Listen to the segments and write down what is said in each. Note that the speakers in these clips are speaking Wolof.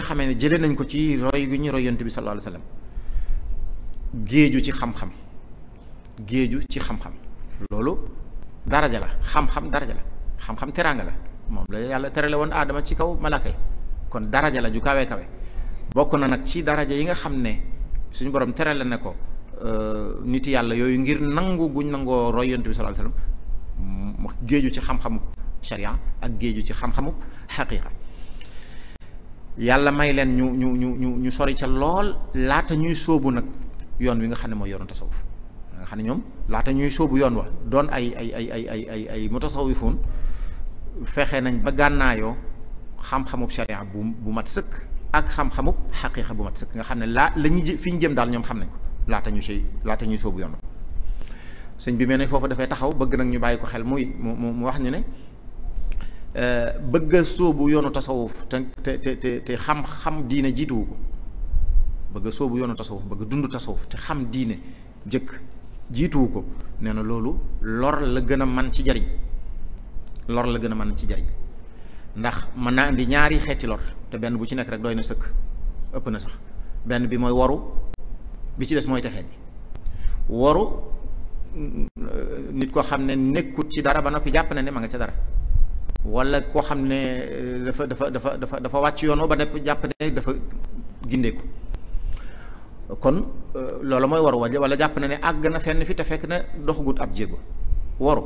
nga xamee ne jële nañ ko ci roy gi ñu roy yonent bi sallallahu alayhi wasallam géeju ci xam géeju ci xam-xam loolu daraja la xam-xam daraja la xam-xam teraanga la moom la yàlla terale woon aadama ci kaw malaaka yi kon daraja la ju kawee kawe bokk na nag ci daraja yi nga xam ne suñu borom terale na ko euh, nit yàlla yooyu ngir nangu guñ nangoo roy yonent bi sallallahu alayhi wasallam géeju ci xam-xamu sharia ak géeju ci xam-xamu xaqiqa yàlla may leen ñu ñu ñu ñu ñu sori ca lool laata ñuy sóobu nag yoon wi nga xam ne mooy yoonu tasawuf nga xam ne ñoom laata ñuy sóobu yoon wax doon ay ay ay ay ay ay ay mutasawwifuun fexe nañ ba gànnaayoo xam-xamub sharia bu bu mat sëkk ak xam-xamub xaqiiqa bu mat sëkk nga xam ne laa la ñuy fi ñu jëm daal ñoom xam nañ ko laata ñu siy laata ñuy sóobu yoon bi mel ne foofu dafay taxaw bëgg nag ñu bàyyi ko xel muy mu mu wax ñu ne Euh, bëgg a sóobu yoonu tasawuf te te te xam-xam diine jiituwu ko bëgg a sóobu yoonu tasawuf bëgg dund tasawuf te xam diine jëkk jiituwu ko nee na loolu lor la gën a man ci jariñ lor la gën a mën ci jariñ ndax mën naa indi ñaari xeeti lor te benn bu ci nekk rek dooy na sëkk ëpp na sax benn bi mooy waru bi ci des mooy texee di waru mm, mm, nit koo xam ne nekkut ci dara ba noppi jàpp na ne ma nga ca dara wala koo xam ne euh, dafa dafa dafa dafa dafa wàcc yoon ba nekk jàpp ne dafa gindeeku kon euh, loolu mooy waru waja wala jàpp na ne àgg na fenn fi te fekk na doxagut ab jéego waru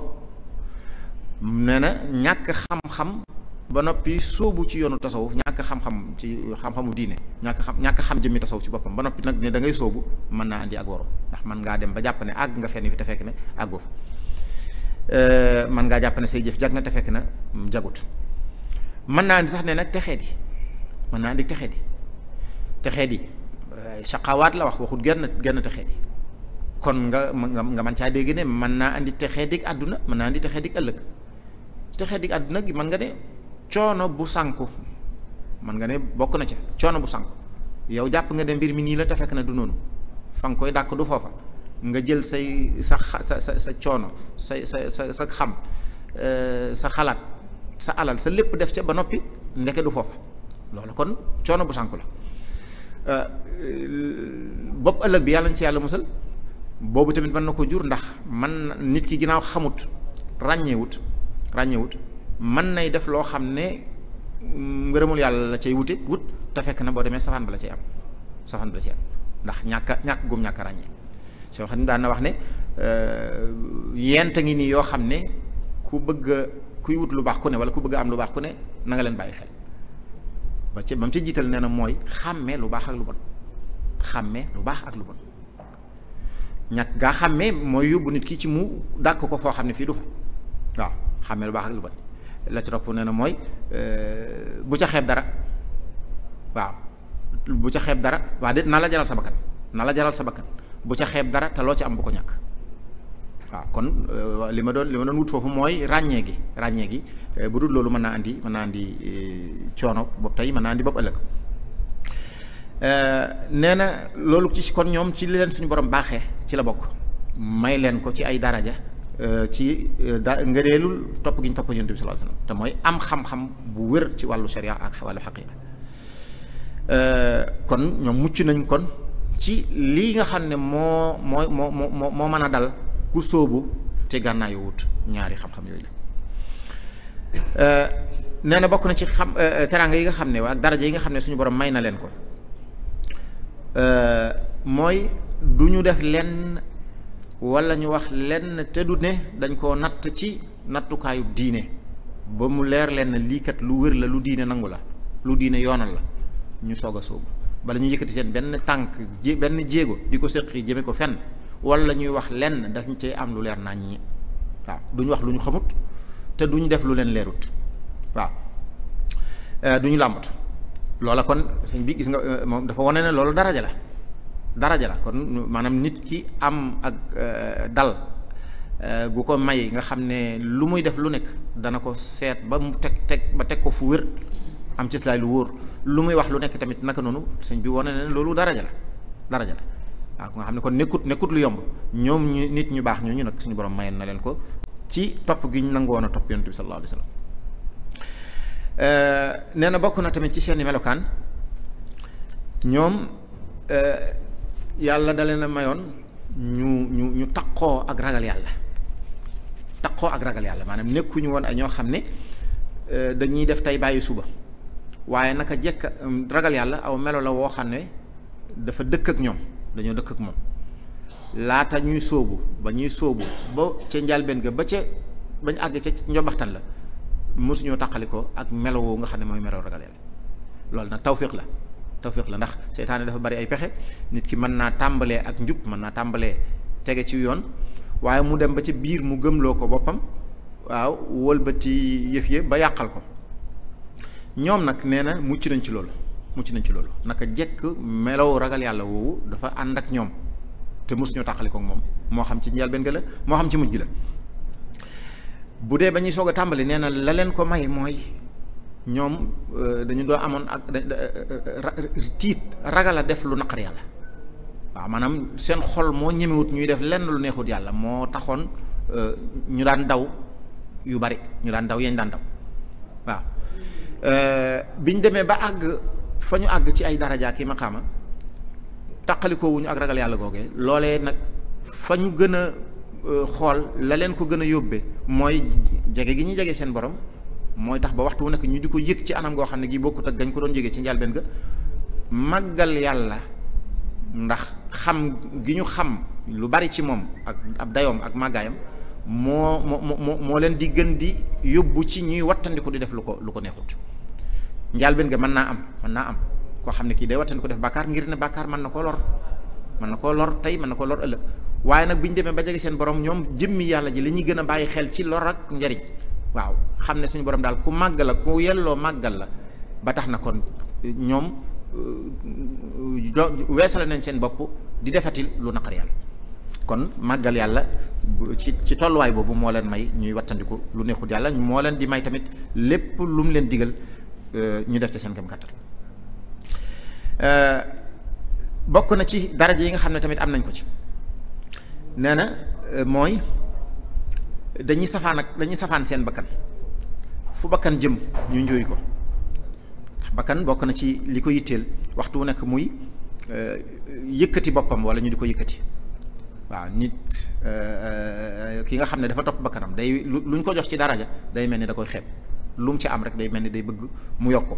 nee na ñàkk xam-xam ba noppi sóobu ci yoonu tasawuf ñàkk xam-xam ci xam-xamu diine ñàkk xam ñàkk xam jëmmi tasawuf ci boppam ba noppi nag ne da ngay sóobu mën naa andi ak waru ndax mën ngaa dem ba jàpp ne àgg nga fenn fi te fekk ne àggoo Euh, man ngaa jàpp ne say jëf jag na te fekk na jagut mën naa andi sax ne nag texee di mën naa andi texee di texee di euh, saqawaat la wax waxut genn genn texee di kon nga nga mën caa dégg ne mën naa andi texee dig àdduna mën naa andi texee di ëllëg texee di àdduna gi mën nga ne coono bu sànku mën nga ne bokk na ca coono bu sànku yow jàpp nga ne mbir mi nii la te fekk na du noonu fa nga koy dàkk du foofa nga jël say sa sa sa sa sa sa sa sa xam euh, sa xalaat sa alal sa lépp def ca ba noppi ndeke du foofa loolu kon coono bu sànku la euh, bopp ëllëg bi yàlla na ci yàlla musal boobu tamit mën na ko jur ndax man nit ki ginnaaw xamut ràññeewut ràññeewut man nay def loo xam ne ngërëmul yàlla la cay wute wut te fekk na boo demee safaan bi la cay am safaan ba la cay am ndax ñàkk ñàkk gum ñàkk ràññee xam ne daan na wax ne euh, yent ngi nii yoo xam ne ku bëgg kuy wut lu baax ku ne wala ku bëgg am lu baax ku ne na nga leen bàyyi xel ba ci ba mu ci jiital nee na mooy xàmmee lu baax ak lu bon lu baax ak lu bon gaa xàmmee mooy yóbbu nit ki ci mu dàkk ko foo xam ne fii du waaw xàmmee lu baax ak bon la ci topp nee na mooy euh, bu ca xeeb dara waaw bu ca xeeb dara waa de naa la jaral sa bakkan naa la jaral sa bakkan bu ca xeeb dara te loo ca am bu ko ñakk waaw kon euh, li ma doon li ma doon wut foofu mooy ràññee gi ràññee gi euh, bu dul loolu mën naa andi mën naa andi euh, coono bopp tey mën naa andi bopp ëllëg nee na loolu ci kon ñoom ci li leen suñu borom baaxee ci la bokk may leen ko ci ay daraja ci da ngëneelul topp gi ñu topp yonent bi sallallahu te mooy am xam-xam bu wér ci wàllu sharia ak wàllu xaqiqa kon ñoom mucc nañ kon ci lii nga xam ne moo moo moo moo moo mën a dal ku sóobu te gànnaayu wut ñaari xam-xam yooyu la euh, nee na bokk na ci xam euh, euh, teraanga yi nga xam ne ak daraja yi nga xam ne suñu borom may na leen ko mooy du ñu def lenn walla ñu wax lenn te du ne dañ koo natt ci nattukaayu diine ba mu leer leen lii kat lu wér la lu diine nangu la lu diine yoonal la ñu soog a sóobu bala ñu yëkkati seen benn tànk ji benn jéego di ko séqi jëme ko fenn wala ñuy wax lenn dañ cey am lu leer nañ ñi waaw duñ wax lu ñu xamut te duñ def lu leen leerut waaw euh, duñu làmbatu loola kon sëñ bi gis nga euh, moom dafa wane ne loolu daraja la daraja la kon nit ki am ak euh, dal gu ko may nga xam ne lu muy def lu nekk dana ko seet ba mu teg teg ba teg ko fu wér am ci silaay lu wóor lu muy wax lu nekk tamit naka noonu sëñ bi wane na ne loolu daraja la daraja la waaw nga xam ne kon nekkut nekkut lu yomb ñoom ñu nit ñu baax ñooñu nag suñu borom mayen na leen ko ci topp gi ñu nangoon a topp yonent bi sallallahu alayhi wa nee na bokk na tamit ci seeni melokaan ñoom yàlla da leen mayoon ñu ñu ñu taqoo ak ragal yàlla taqoo ak ragal yàlla maanaam nekkuñu woon ay ñoo xam ne dañuy def tey bàyyi suba waaye naka jekk um, ragal yàlla aw melo la woo xam ne dafa dëkk ak ñoom dañoo dëkk ak moom laata ñuy sóobu ba ñuy sóobu ba ca njalbeen ga ba ca bañ àgg ca njobaxtan la mosuñoo tàqali ko ak melo woo nga xam ne mooy melo ragal yàlla loolu nag tawfiq la tawfiq la ndax seytaane dafa bari ay pexe nit ki mën naa tàmbalee ak njub mën naa tàmbalee tege ci yoon waaye mu dem ba ca biir mu gëmloo ko boppam waaw wëlbati yëf yëpp ba yàqal ko ñoom nag nee na mucc nañ ci loolu mucc nañ ci loolu naka jekk melaw ragal yàlla woowu dafa ànd ak ñoom te mos ñoo tàqali ko moom moo xam ci njëlbeen ga la moo xam ci mujj la bu dee ba ñuy soog a tàmbali nee na la leen ko may mooy ñoom euh, dañu doo amoon ak tiit ragal a def lu naqar yàlla waaw maanaam seen xol moo ñemewut ñuy def lenn lu neexut yàlla moo taxoon euh, ñu daan daw yu bari ñu daan daw yeñ daan daw waaw Euh, biñ demee ba àgg fa ñu àgg ci ay daraja ki maqaama taqalikoo wuñu ak ragal yàlla googee loole nag fa ñu gën a euh, xool la leen ko gën a yóbbee mooy jege gi ñuy jege seen borom mooy tax ba waxtu wu nekk ñu di ko yëg ci anam goo xam ne gi bokkut ak gañ ko doon jege ci njëlbeen ga màggal yàlla ndax xam gi ñu xam lu bari ci moom ak ab dayoom ak màggaayam moo moo moo leen di gën di yóbbu ci ñuy wattandiku di def lu ko lu ko neexut njaal benn nga mën naa am mën naa am koo xam ne kii day wattandiku def bàkkaar ngir ne bàkkaar mën na koo lor mën na koo lor tey mën na koo lor ëllëg waaye nag bi ñu demee ba jege seen borom ñoom jëmmi yàlla ji li ñuy gën a bàyyi xel ci lor ak njariñ waaw xam ne suñu borom daal ku màggal la ku yelloo màggal la ba tax na kon euh, ñoom euh, weesale nañ seen bopp di defatil lu naqar kon màggal yàlla ci ci tolluwaay boobu moo leen may ñuy wattandiku lu neexut yàlla moo leen di may tamit lépp lu mu leen digal euh, ñu def ci seen gëm kàttan euh, bokk na ci daraja yi nga xam ne tamit am nañ ko ci nee na euh, mooy dañuy safaan ak dañuy safaan seen bakkan fu bakkan jëm ñu njuuy ko ndax bakkan bokk na ci li ko yitteel waxtu wu nekk muy yëkkati boppam wala ñu di ko yëkkati waaw nit euh, euh, ki nga xam ne dafa topp bakkanam day lu luñ ko jox ci dara daraja day mel ni da koy xeeb lu mu ci am rek day mel ni day bëgg mu yokk ko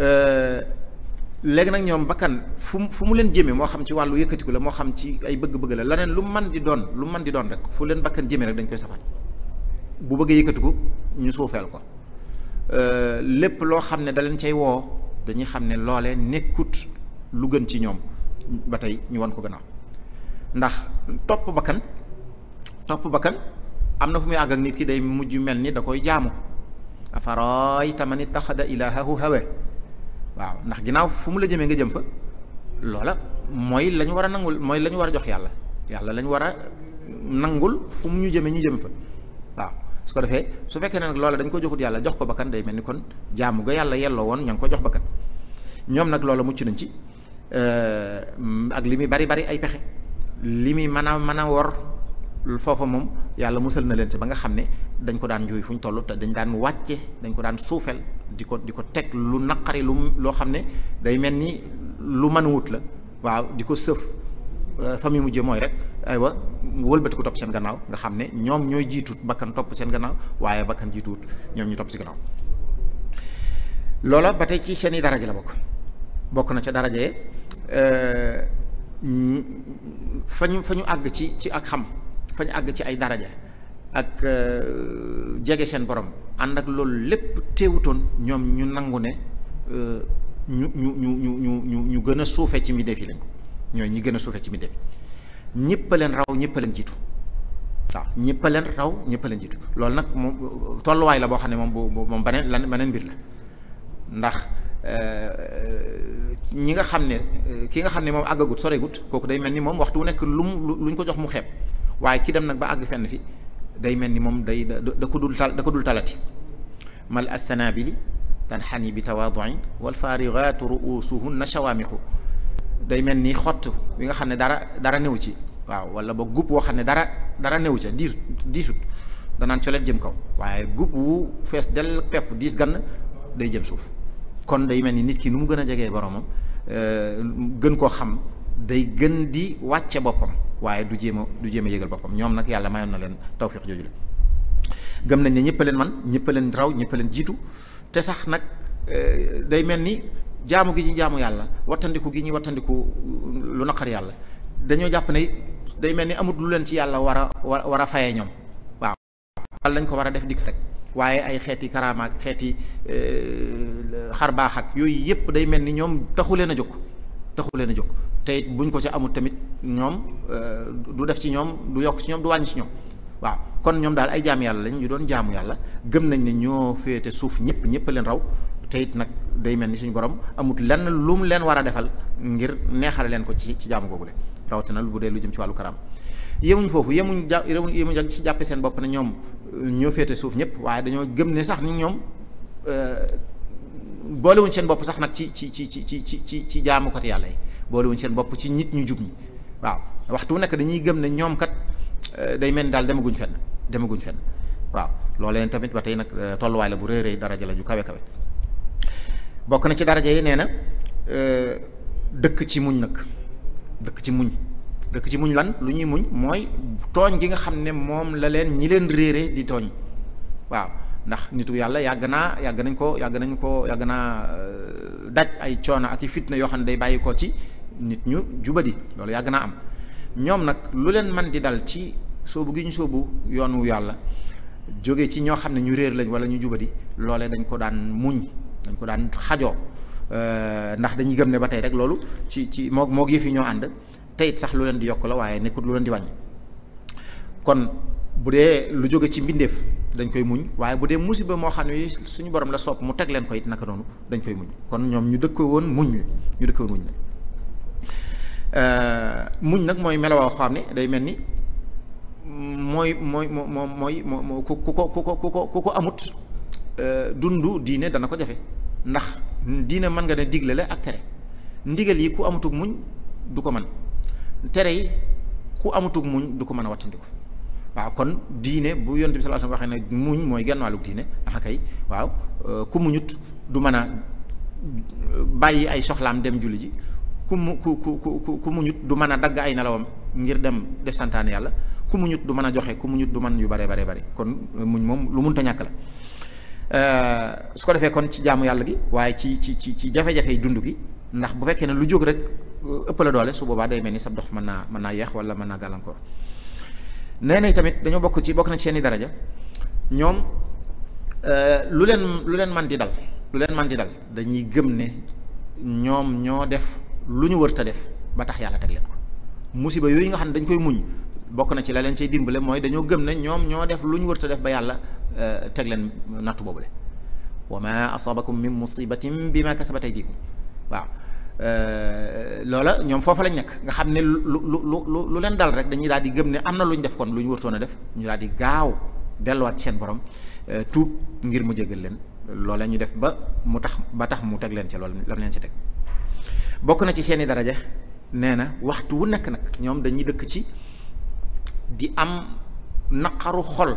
euh, léegi nag ñoom bakkan fu mu fu mu leen jëmee moo xam ci wàllu yëkkatiku la moo xam ci ay bëgg-bëgg la leneen lu man di doon lu man di doon rek fu leen bakkan jëmee rek dañ koy safar bu bëggee yëkkatiku ñu suufeel ko lépp loo xam ne da leen cay woo dañuy xam ne loolee nekkut lu gën ci ñoom ba tey ñu wan ko gannaaw ndax topp bakkan topp bakkan am na fu muy àgg ak nit ki day mujj mel ni da koy jaamu afarayta man ittaxada ilaahahu hawa waaw ndax ginnaaw fu mu la jëmee nga jëm fa loola mooy la ñu war a nangul mooy la ñu war a jox yàlla yàlla lañu war a nangul fu mu ñu jëmee ñu jëm fa waaw su ko defee su fekkee ne nag loola dañ ko joxut yàlla jox ko bakkan day mel ni kon jaamu ga yàlla yelloo woon ña ngi ko jox bakkan ñoom nag loola mucc nañ ci euh, ak li muy bari bari ay pexe li muy mën a mën a wor foofa moom yàlla musal na leen ci ba nga xam ne dañ ko daan jooy fu ñu toll te dañ daan wàcce dañ ko daan suufeel di ko di ko teg lu naqari lu loo xam ne day mel ni lu mën wut la waaw di ko sëf euh, fa mu mujjee mooy rek aywa wëlbati ko topp seen gannaaw nga xam ne ñoom ñooy jiitu bakkan topp seen gannaaw waaye bakkan jiituwut ñoom ñu topp si gannaaw loola ba tey ci seeni i daraja la bokk bokk na ca daraja euh, fa ñu fa ñu àgg ci ci ak xam fa ñu àgg ci ay daraja ak euh, jege seen borom ànd ak loolu lépp teewutoon ñoom ñu nangu ne euh, ñu ñu ñu ñu ñu ñu ñu gën a suufe ci mbindeef yi lañ ñooy ñi gën a suufe ci mbindeef yi ñëpp leen raw ñëpp a jiitu waaw ñëpp a leen raw ñëpp a jiitu loolu nag moom tolluwaay la boo xam ne moom bu moom beneen lan beneen mbir la ndax Euh, euh, ñi nga xam ne euh, ki nga xam ne moom àggagut soregut kooku day mel ni moom waxtu wu nekk lu mu lu ñu ko jox mu xeeb waaye kii dem nag ba àgg fenn fi day mel ni moom day da da ko dul da ko dul talati mal assanabili tanxani bi tawaaduin wal faarigaatu ruusuhunna shawaamixu day mel ni xott bi nga xam ne dara dara new ci waaw wala ba gub woo xam ne dara dara new ca diisut diisut danaan colet jëm kaw waaye gub wu fees del pepp diis gann day jëm suuf kon day mel ni nit kii nu mu gën a jegee boromam euh, gën koo xam day gën di wàcce boppam waaye du jéem a du jéem a yëgal boppam ñoom nag yàlla mayoon na leen tawfiq jooju la gëm nañ ne ñëpp leen man ñëpp a leen raw ñëpp leen jiitu te sax nag euh, day mel ni jaamu gi ñu jaamu yàlla wattandiku gi ñuy wattandiku lu naqar yàlla dañoo jàpp ne day mel ni amut lu leen ci yàlla war a war a fayee ñoom waaw wala lañ ko war a def dikk rek waaye ay xeeti karaamaak ak xeeti euh, xar baax ak yooyu yëpp day mel ni ñoom taxu leen a jóg taxu leen a jóg te buñ ko ci amul tamit ñoom euh, du def ci ñoom du yokk ci ñoom du wàññi ci ñoom waaw kon ñoom daal ay jaam yàlla lañu ñu doon jaamu yàlla gëm nañ ne ñoo féete suuf ñëpp ñëpp leen raw te it nag day mel ni suñu borom amut lenn lu mu leen war a defal ngir neexale leen ko ci ci jaamu googu leen rawatina bu dee lu jëm ci wàllu karaama yemuñ foofu yëmuñ ja yemuñ rek ci jàppe seen bopp na ñoom euh, ñoo féete suuf ñëpp waaye dañoo gëm ne sax ni ñoom euh, boolewuñ seen bopp sax nag ci ci ci ci ci ci ci jaamukat yàlla yi boolewuñ seen bopp ci nit ñu jub ñi waaw waxtu nekk dañuy gëm ne ñoom kat euh, day mel ni daal demaguñ fenn demaguñ fenn waaw looleen tamit ba tey nag tolluwaay la bu rëy rëy daraja la ju kawe kawe bokk na ci daraja yi nee na dëkk ci muñ nag dëkk ci muñ. dëkk ci muñ lan lu ñuy muñ mooy tooñ gi nga xam ne moom la leen ñi leen réere di tooñ waaw ndax nitu yàlla yàgg naa yàgg nañ ko yàgg nañ ko yàgg naa euh, daj ay coono ak i fitna yoo xam ne day bàyyi ko ci nit ñu jubadi loolu yàgg naa am ñoom nag lu leen man di dal ci soobu gi ñu soobu yàlla jóge ci ñoo xam ne ñu réer lañ wala ñu jubadi loolee dañ ko daan muñ dañ ko daan xajoo euh, ndax dañuy gëm ne ba tey rek loolu ci ci moo moo gi fi ñoo ànd teyit sax lu leen di yokk la waaye nekkut lu leen di wàññi kon bu dee lu jóge ci mbindeef dañ koy muñ waaye bu dee musiba moo xam ne suñu borom la sopp mu teg leen ko it naka noonu dañ koy muñ kon ñoom ñu dëkk woon muñ li muñ la euh, muñ nag mooy melawoo xam ne day mel ni mooy mooy moo moo mooy moo ku ku ko ku ko ku ko ku ko amut euh, dund diine dana ko jafe ndax diine mën nga ne digle la ak tere ndigal yi ku amatuk muñ du ko man tere yi ku amutug muñ du ko mën a wattandiku waaw kon diine bu yont bi sallallahu alayhi wasallam waxee ne muñ mooy genn wàllug diine ah kay waaw euh, ku muñut du mën a euh, bàyyi ay soxlaam dem julli ji ku ku ku ku ku muñut du mën a dagg ay nelawam ngir dem def santaane yàlla ku muñut du mën a joxe ku muñut du man yu bare bare bare kon euh, muñ moom lu a ñàkk la su ko defee kon ci jaamu yàlla gi waaye ci ci ci ci jafe-jafe yi dund gi ndax bu fekkee ne lu jóg rek ëppale doole su boobaa day mel ni sab dox mën naa mën naa yeex wala mën naa gàllankoor nee na tamit dañoo bokk ci bokk na ci seeni daraja ñoom euh, lu leen lu leen man di dal lu leen man di dal dañuy gëm ne ñoom ñoo def lu ñu wërta def ba yàlla teg leen ko musiba yooyu nga xam ne dañ koy muñ bokk na ci la leen cay dimbale mooy dañoo gëm ne ñoom ñoo lu ñu wërta def ba yàlla euh, teg leen nattu boobule wa ma asabakum min musibatin bima kasabat aydikum waaw Euh, loola ñoom foofa lañ nekk nga xam ne lu lu lu leen dal rek dañuy daal di gëm ne am na lu ñu def kon lu ñu wartoon a def ñu daal di gaaw delluwaat seen borom euh, tuub ngir mu jégal leen loola ñu def ba mu tax ba tax mu teg leen ca loolu lam leen ci teg bokk na ci seeni daraja nee na waxtu wu nekk nag ñoom dañuy dëkk ci di am naqaru xol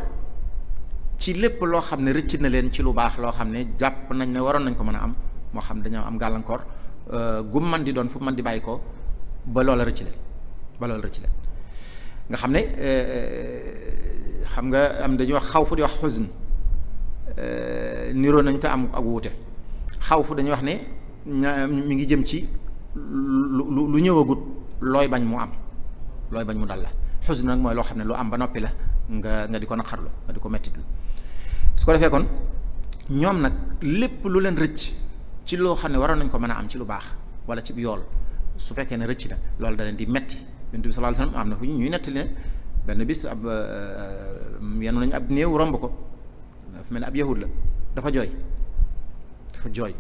ci lépp loo xam ne rëcc na leen ci lu baax loo xam ne jàpp nañ ne waroon nañ ko mën a am moo xam dañoo am gàllankoor Euh, gum man di doon fu man di bàyyi ko ba loola rëcc leen ba loola rëcc leen nga xam ne euh, euh, xam nga am dañuy wax xaw fu di wax xusn niroo nañ te am ak wuute xaw fu dañuy wax ne mi ngi jëm ci lu lu ñëwagut looy bañ mu am looy bañ mu dal la xusn nag mooy loo xam ne lu am ba noppi la nga nga di ko naqarlu nga di ko mettitlu su ko defee kon ñoom nag lépp lu leen rëcc ci loo xam ne waroon nañ ko mën a am ci lu baax wala ci yool su fekkee ne rëcc na loolu da leen di metti yonent bi sallallahu alayhi wasallam am na fu ñuy nettali ne benn bis ab euh, yenu nañu ab néew romb ko dafa mel ne ab yahud la dafa jooy dafa jooy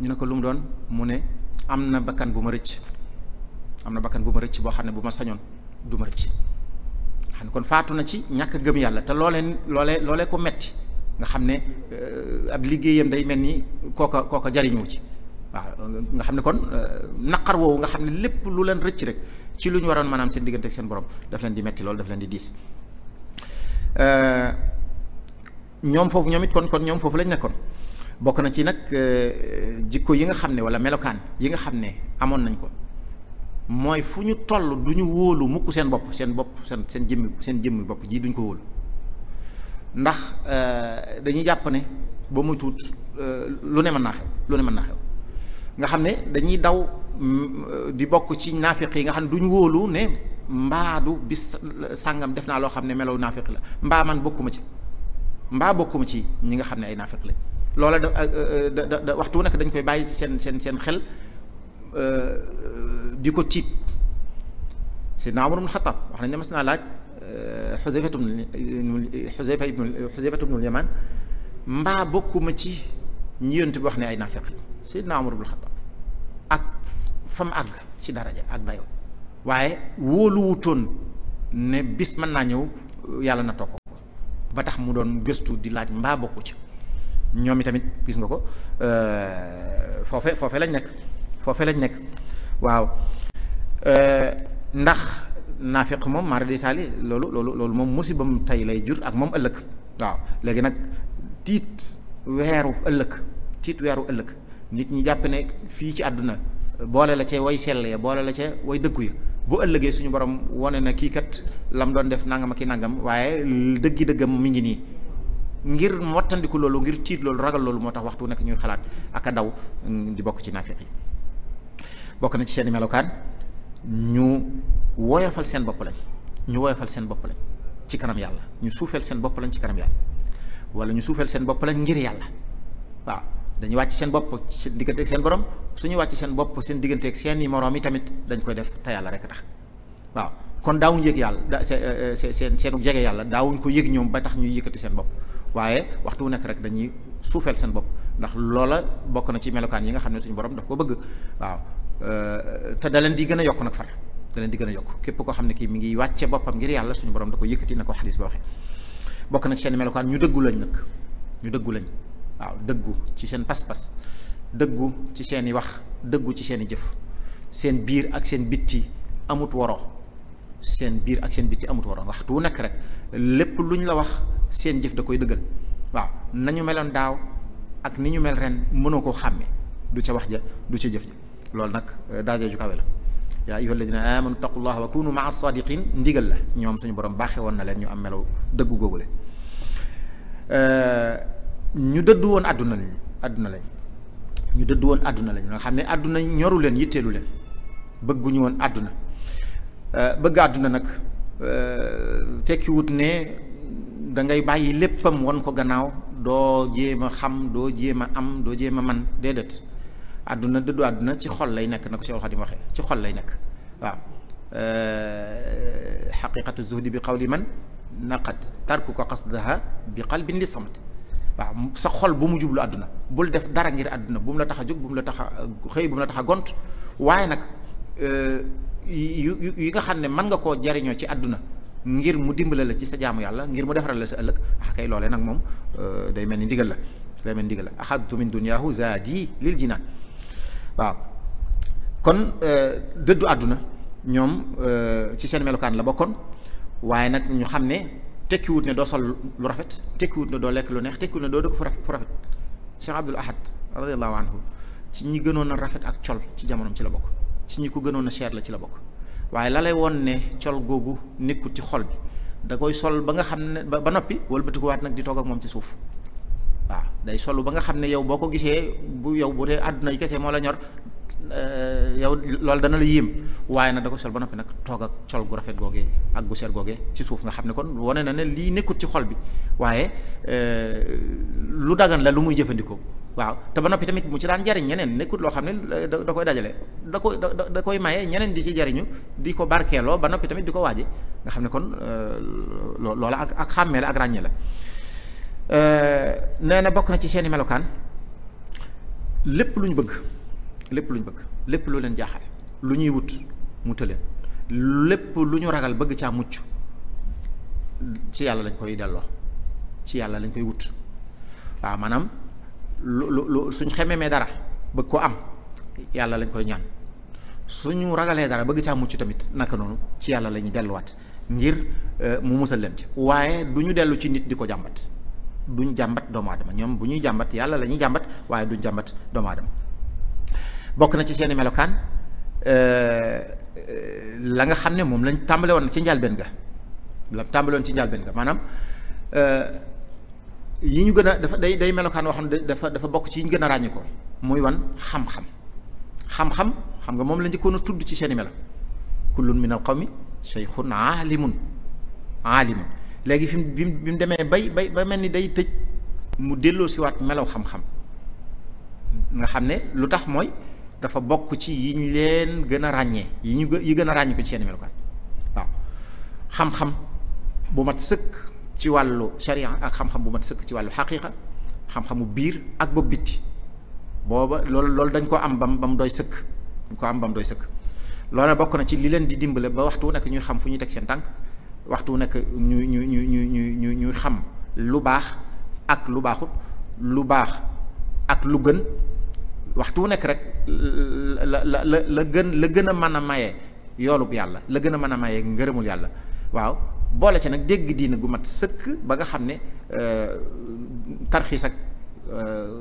ñu ne ko lu mu doon mu ne am na bakkan bu ma rëcc am na bakkan bu ma rëcc boo xam ne bu ma sañoon du ma rëcc xam ne kon faatu na ci ñàkk gëm yàlla te loolee loolee loolee ko metti nga xam ne euh, ab liggéeyam day mel ni kooka kooka jariñoo ci waaw nga xam ne kon euh, naqar woowu nga xam ne lépp lu leen rëcc rek ci lu ñu waroon maanaam seen diggante ak seen borom daf leen di metti lool daf leen di diis euh, ñoom foofu ñoom it kon kon ñoom foofu lañ nekkoon bokk na ci nag jikko yi nga xam ne wala melokaan yi nga xam ne amoon nañ ko mooy fu ñu toll du ñu wóolu mukk seen bopp seen bopp seen seen jëmmi seen jëmmi bopp jii duñ ko wóolu ndax euh, dañuy jàpp ne ba mu tuut euh, lu ne mën naa lu ne ma naa nga xam ne dañuy daw mm, euh, di bokk ci naafiq yi nga xam ne duñu wóolu ne mbaa du bi sangam def naa loo xam ne melow naafiq la mbaa man bokkuma ci mbaa bokkuma ci ñi nga xam ne ay naafiq lañ loola da da waxtu nag dañ koy bàyyi ci seen seen seen xel di ko tiit Seydina naa ibn Xattaab wax nañ ne mas naa laaj Xuzayfatu ibnu Yamaan mbaa bokkuma ci ñi yonent bi wax ne ay naafeq yi Seydina Umar ibnu ak fam àgg ci daraja ak dayoo waaye wóoluwutoon ne bis man naa ñëw yàlla na toog ko ba tax mu doon gëstu di laaj mbaa bokku ci ñoom i tamit gis nga ko euh, foofe foofe lañ nekk foofe lañ nekk waaw euh, ndax naafiq moom maara di taali loolu loolu loolu moom musibam tey lay jur ak moom ëllëg waaw léegi nag tiit weeru ëllëg tiit weeru ëllëg nit ñi jàpp ne fii ci àdduna boole la ca way sell ya boole la ca way dëggu ya bu ëllëgee suñu borom wone na kii kat lam doon def nangam ak ki nangam waaye dëggi dëggam mi ngi nii ngir mottandiku loolu ngir tiit loolu ragal loolu moo tax waxtu nekk ñuy xalaat ak daw mm, di bokk ci naafiq yi bokk na ci seen melokaan ñu woyofal seen bopp lañ ñu woyofal seen bopp lañ ci kanam yàlla ñu suufeel seen bopp lañ ci kanam yàlla wala ñu suufeel seen bopp lañ ngir yàlla waaw dañuy wàcc seen bopp seen digganteeg seen borom suñu wàcc seen bopp seen digganteeg seen i moroom tamit dañ koy def te yàlla rek tax waaw kon daawuñu yëg yàlla da seen eh, eh, seen seenu jege yàlla daawuñ ko yëg ñoom ba tax ñuy yëkkati seen bopp waaye waxtu wu nekk dañuy suufeel seen bopp ndax loola bokk na ci melokaan yi nga xam ne suñu borom daf ko bëgg waaw Euh, te da leen di gën a yokk nag far da leen di gën a yokk képp koo xam ne kii mi ngi wàcce boppam ngir yàlla suñu borom da ko yëkkati na ko xadis ba waxee bokk nag seen melokaan ñu dëggu lañ nag ñu dëggu lañ waaw dëggu ci seen pas-pas dëggu ci seen i wax dëggu ci seen i jëf seen biir ak seen bitti amut waroo seen biir ak seen bitti amut waroo waxtu wu nekk rek lépp lu ñu la wax seen jëf da koy dëggal waaw nañu meloon daaw ak ni ñu mel ren mënu koo xàmme du ca wax ja du ca jëf ja loolu nag eh, daraja ju kawe la yaa ayyuha alladina amanu taqullaha wa kunu maa sadiqin ndigal la ñoom suñu borom baaxee woon na leen ñu am melaw dëggu googule eh, ñu dëddu woon àdduna àdduna lañ ñu dëddu woon àdduna lañ nga xam ne àdduna ñoru leen yitteelu leen bëgguñu woon àdduna eh, bëgg àdduna nag tekkiwut ne da ngay bàyyi léppam won ko gannaaw doo jéem a xam doo jéem a am doo jéem a man déedéet àdduna dëddu àdduna ci xol lay nekk na ko Seexul Xadim waxee ci xol lay nekk waaw euh, xaqiqatu zuhdi bi qawli man naqat tarku ko qasdaha bi qalbin li samat waa sa xol bu mu jublu àdduna bul def dara ngir àdduna bu la tax a jóg bu la tax a xëy bu mu la tax a gont waaye nag euh, yu yi nga xam ne mën nga koo jariñoo ci àdduna ngir mu dimbale la ci sa jaamu yàlla ngir mu defaral la sa ëllëg ah kay loolee nag moom euh, day mel ni ndigal la day mel ni ndigal la axadtu min duniyaahu zaadi waaw kon euh, dëddu àdduna ñoom euh, ci seen melokaan la bokkoon waaye nag ñu xam ne tekkiwut ne doo sol lu rafet tekkiwut ne doo lekk lu neex tekkiwut ne doo dëkk fu rafet fu rafet Cheikh Abdoul Ahad radiyallahu anhu ci ñi gënoon a rafet ak col ci jamonoom ci la bokk ci ñi ko gënoon a cher la ci la bokk waaye la lay woon ne col googu nekkul ci xol bi da koy sol ba nga xam ne ba ba noppi wala batiku waat nag di toog ak moom ci suuf waaw day solu ba nga xam ne yow boo ko gisee bu yow bu dee àdduna yi kese moo la ñor euh, yow loolu dana la yéem waaye nag da ko sol ba noppi nag toog ak sol gu rafet googee ak gu seet googee ci suuf nga xam ne kon wane na ne lii nekkut ci xol bi waaye euh, lu dagan la lu muy jëfandikoo waaw te ba noppi tamit mu ci daan jariñ ñeneen nekkut loo xam ne euh, da dajale da koy da koy maye ñeneen di ci jariñu di ko barkeeloo ba noppi tamit di ko waaje nga xam ne kon loola ak ak xàmmee la ak ràññee la Euh, nee na bokk na ci seeni melokaan lépp lu ñu bëgg lépp lu ñu bëgg lépp lu leen jaaxal lu ñuy wut mu tëleen lépp lu ñu ragal bëgg caa mucc ci yàlla lañ koy delloo ci yàlla lañ koy wut waaw maanaam lu lu lu suñ xememee dara bëgg koo am yàlla lañ koy ñaan ñu ragalee dara bëgg caa mucc tamit naka noonu ci yàlla la ñuy delluwaat ngir euh, mu musal leen ci waaye du ñu dellu ci nit di ko jàmbat duñ jàmbat doomu aadama ñoom bu ñuy jàmbat yàlla la ñuy jàmbat waaye duñ jàmbat doomu aadama bokk na ci seeni melokaan euh, la nga xam ne moom lañ tàmbale woon ci njàlbeen ga la tàmbale ci njàlbeen ga maanaam euh, yi ñu gën a dafa day day melokaan waxoon dafa dafa bokk ci yi ñu gën a ràññee ko muy wan xam-xam xam-xam xam nga moom la njëkkoon a tudd ci seeni melo kullun min al qawmi shaykhun aalimun aalimun léegi fi mu bi mu demee bay bay ba mel ni day tëj mu delloo si waat melaw xam-xam nga xam ne lu tax mooy dafa bokk ci yi ñu leen gën a ràññee yi ñu yi gën a ràññee ko ci seen melukaan waaw xam-xam bu mat sëkk ci wàllu sharia ak xam-xam bu mat sëkk ci wàllu xaqiqa xam-xamu biir ak ba bitti booba loolu loolu dañ ko am bam ba mu doy sëkk dañ ko am ba mu doy sëkk loolu bokk na ci li leen di dimbale ba waxtu nekk ñuy xam fu ñuy teg seen tànk waxtu nekk ñu ñu ñu ñu ñu ñu xam lu baax ak lu baaxut lu baax ak lu gën waxtu wu nekk rek la la la gën la gën a mën a maye yoolub yàlla la gën a mën a maye ngërëmul yàlla waaw boole ci nag dégg diina gu mat sëkk ba nga xam ne euh, tarxiis ak euh,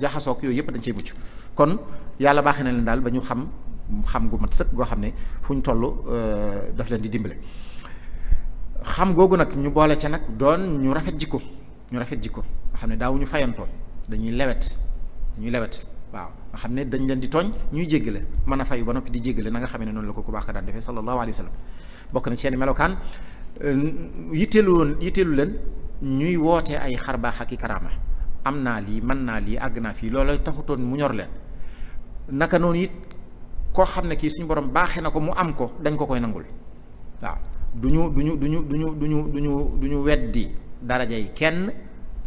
jaxasook yooyu yëpp dañ cee mucc kon yàlla baaxee na leen daal ba ñu xam xam gu mat sëkk goo xam ne fu ñu toll euh, daf leen di dimbale xam googu nag ñu boole ca nag doon ñu rafet jikko ñu rafet jikko nga xam ne daawuñu fayantoo dañuy lewet dañuy lewet waaw nga xam ne dañ leen di tooñ ñuy jéggale mën a fayu ba noppi di jéggale na nga xam ne noonu la ko ku baax ka daan defee sallallahu bokk na ci melokaan euh, yitteelu woon leen ñuy woote ay xar baax am naa lii mën naa lii àgg naa fii looloo taxutoon mu ñor leen naka noonu it koo xam ne kii suñu borom baaxee na ko mu am ko dañ ko koy nangul waaw du ñu du ñu du ñu du ñu du ñu du ñu du ñu weddi daraja yi kenn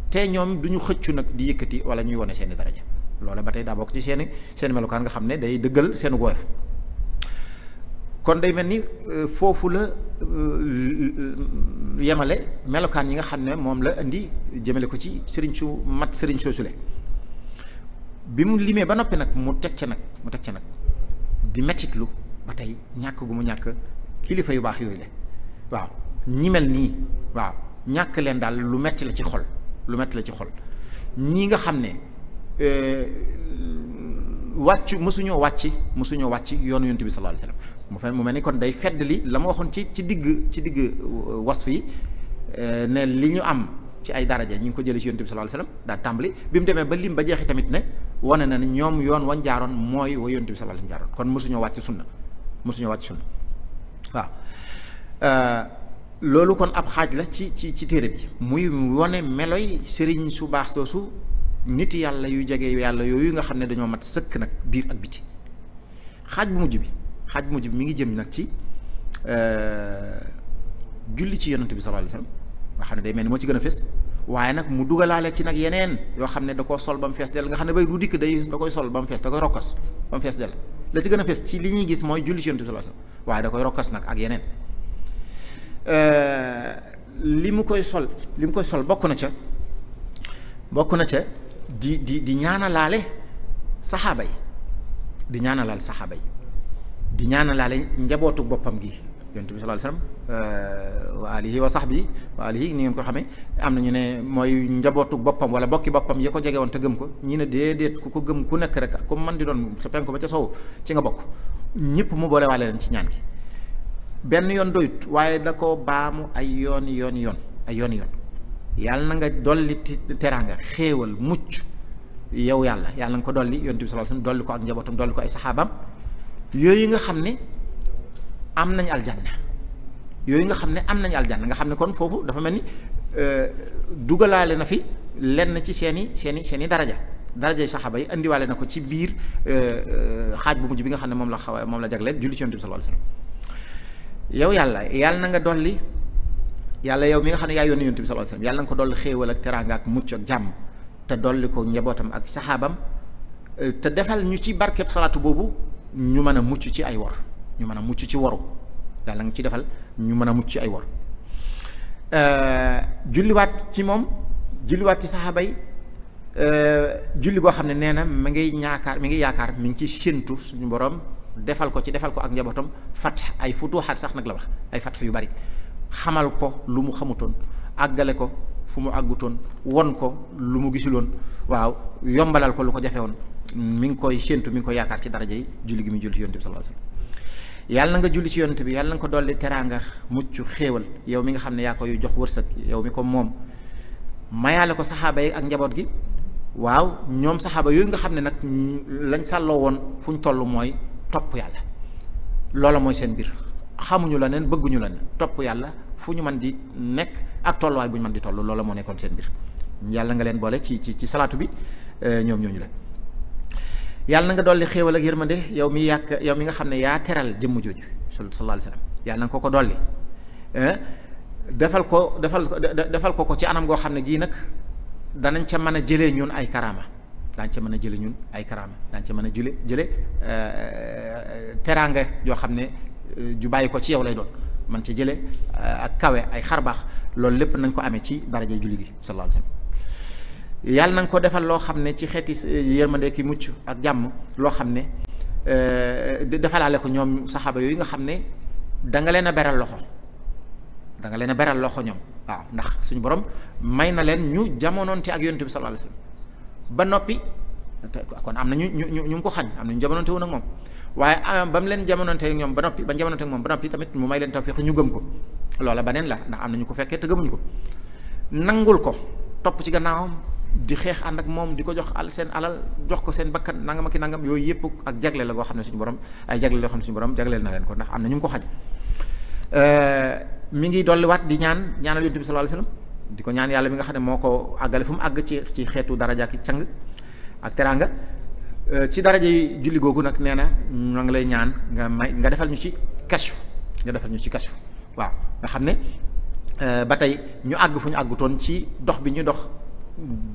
te ñoom du ñu xëccu nag di yëkkati wala ñuy wone seen i daraja loola ba tey daa bokk ci seen seen melokaan xam ne day dëggal seen woyof kon day mel ni euh, foofu la euh, yemale melokaan yi nga xam ne moom la indi jëmale ko ci sëriñ su mat sëriñ soosule bi mu limee ba noppi nag mu teg ca nag mu teg ca nag di mettitlu ba tey ñàkk gu mu ñàkk kilifa yu baax yooyu la waaw ñi mel nii waaw ñàkk leen daal lu metti la ci xol lu metti la ci xol ñii nga xam ne euh, wàccu mësuñoo wàcc mësuñoo wàcc yoonu yonent bi sallallahu alayhi wasallam mu fa mu mel ni kon day fedd li la ma waxoon ci ci digg ci digg euh, wasf yi euh, ne li ñu am ci ay daraja ñi ngi ko jëlee ci yonent bi sallallahu alayhi tàmbali bi mu demee ba lim ba jeexi tamit ne wane na ne ñoom yoon wañ jaaroon mooy wa yonent bi sallallahu alayhi kon mësuñoo wàcc sunna mësuñoo wàcc sunna waaw Euh, loolu kon ab xaaj la ci ci ci téere bi muy wane meloy sëriñ su baax soosu nit yàlla yu jege yàlla yooyu nga xam ne dañoo mat sëkk nag biir ak biti xaaj bu mujj bi xaaj bu mujj bi mi ngi jëm nag ci euh, julli ci yonent bi sallallahu alayhi wasallam nga xam ne day mel ni moo ci gën a fés waaye nag mu dugalaale ci nag yeneen yoo xam ne da koo sol ba mu fees dell nga xam ne bay du dikk day da koy sol ba mu fees da koy rokkas ba mu fees dell la ci gën a fés ci li ñuy gis mooy julli ci da koy rokkas nag ak yeneen Euh, li mu koy sol li mu koy sol bokk na ca bokk na ca di di di ñaanalaale saxaaba yi di ñaanalaal saxaaba yi di ñaanalaale njabootu boppam gi yonent bi sallallahu alayhi wasallam wa alihi wa sahbi wa alihi ni ngeen ko xamee am na ñu ne mooy njabootu boppam wala bokki boppam yi ko jege woon te gëm ko ñii ne déedéet ku ko gëm ku nekk rek comme man di doon ca penku ba ca sow ci nga bokk ñëpp mu boole waale leen ci ñaan gi benn yoon doyut waaye da ko baamu ay yoon yoon yoon ay yoon yoon yàlla na nga dolli teraanga xéewal mucc yow yàlla yàlla na nga ko dolli yonent bi sallallahu alayhi wasallam dolli ko ak njabootam dolli ko ay saxaabam yooyu nga xam ne am nañ aljanna yooyu nga xam ne am nañ aljanna nga xam ne kon foofu dafa mel ni euh, dugalaale na fi lenn ci seeni seeni seeni daraja darajay saxaaba yi indiwaale na ko ci biir euh, euh, xaaj bu mujj bi nga xam ne moom la xaw moom la jagleel julli ci yonent sa yow yàlla yàlla na nga dolli yàlla yow mi nga xam ne yaa yónni yonent bi sallallahu yàlla na nga ko dolli xéewal ak teraanga ak mucc ak jàmm te dolli ko njabootam ak saxaabam euh, te defal ñu ci barkeb salaatu boobu ñu mën a mucc ci ay wor ñu mën a mucc ci woru yàlla nga ci defal ñu mën a mucc ay wor euh, julliwaat ci moom julliwaat ci saxaaba yi euh, julli goo xam ne nee na mi ngi ñaakaar mi ngi yaakaar mi ngi ci séentu suñu boroom defal ko ci defal ko ak njabootam fatt ay futuxaat sax nag la wax ay fatt yu bari xamal ko lu mu xamutoon àggale ko fu mu àggutoon won ko lu mu gisuloon waaw yombalal ko lu ko jafe woon mi ngi koy séentu mi ngi koy yaakaar ci daraja yi julli gi mu julli ci yonent bi sallallahu yàlla na nga julli ci yonent bi yàlla na nga ko dolli teraanga mucc xéewal yow mi nga xam ne yaa koy jox wërsëg yow mi ko moom mayaale ko saxaaba yi ak njaboot gi waaw ñoom saxaaba yooyu nga xam ne nag lañ sàlloo woon fu ñu toll mooy topp yàlla loola mooy seen mbir xamuñu la neen bëgguñu la neen topp yàlla fu ñu mën di nekk ak tolluwaay bu ñu mën di toll loola moo nekkoon seen mbir yàlla nga leen boole ci ci ci salaatu bi euh, ñoom ñooñu la yàlla na nga dolli xéewal ak yërmande yow mi yàkk yow mi nga xam ne yaa teral jëmm jooju sallallahu alayhi wasallam yàlla na nga ko ko dolli euh, defal ko defal defal ko ko ci anam goo xam ne gii nag danañ ca mën a jëlee ñun ay karaama daañ ca mën a jële ñun ay karaama dañ ca mën a jële jële euh, euh, teraanga joo xam ne euh, ju bàyyi ko ci yow lay doon man ca jële ak kawe ay xarbaax loolu lépp nañ ko amee ci daraja julli gi sallallahu alayhi wasallam nañ ko defal loo xam ne ci xeeti yërmande ki mucc ak jàmm loo xam ne defalaale ko ñoom saxaaba yooyu nga xam ne danga leen a beral loxo danga leen a beral loxo ñoom waaw ndax suñu borom may na leen ñu te ak yonent bi sallallahu alayhi ba noppi kon am na ñu ñu ñu ngi ko xañ am na ñu jamononte woon ak moom waaye ah, ba mu leen jamononte ñoom ba noppi ba jamononte ak moom ba noppi tamit mu may leen tawfiq ñu gëm ko loola beneen la ndax am na ko fekkee te gëmuñu ko nangul ko topp ci gannaawam di xeex ànd ak moom di ko jox al seen alal jox ko seen bakkan nangam ak nangam yooyu yëpp ak jagle la goo xam ne suñu borom ay jagle la yoo ne suñu borom jagleel na leen ko ndax am na ñu ngi ko xañ euh, mu ngi dolliwaat di ñaan ñaanal yonent bi sallallahu alayhi wasallam di ko ñaan yàlla bi nga xam ne moo ko àggale fu mu àgg ci ci xeetu daraja ak cang ak teraanga euh, ci daraja yi julli googu nag nee na ñoo ngi lay ñaan nga may nga defal ñu ci kashf nga defal ñu ci kashf waaw nga xam ne euh, ba tey ñu àgg fu ñu àggutoon ci dox bi ñu dox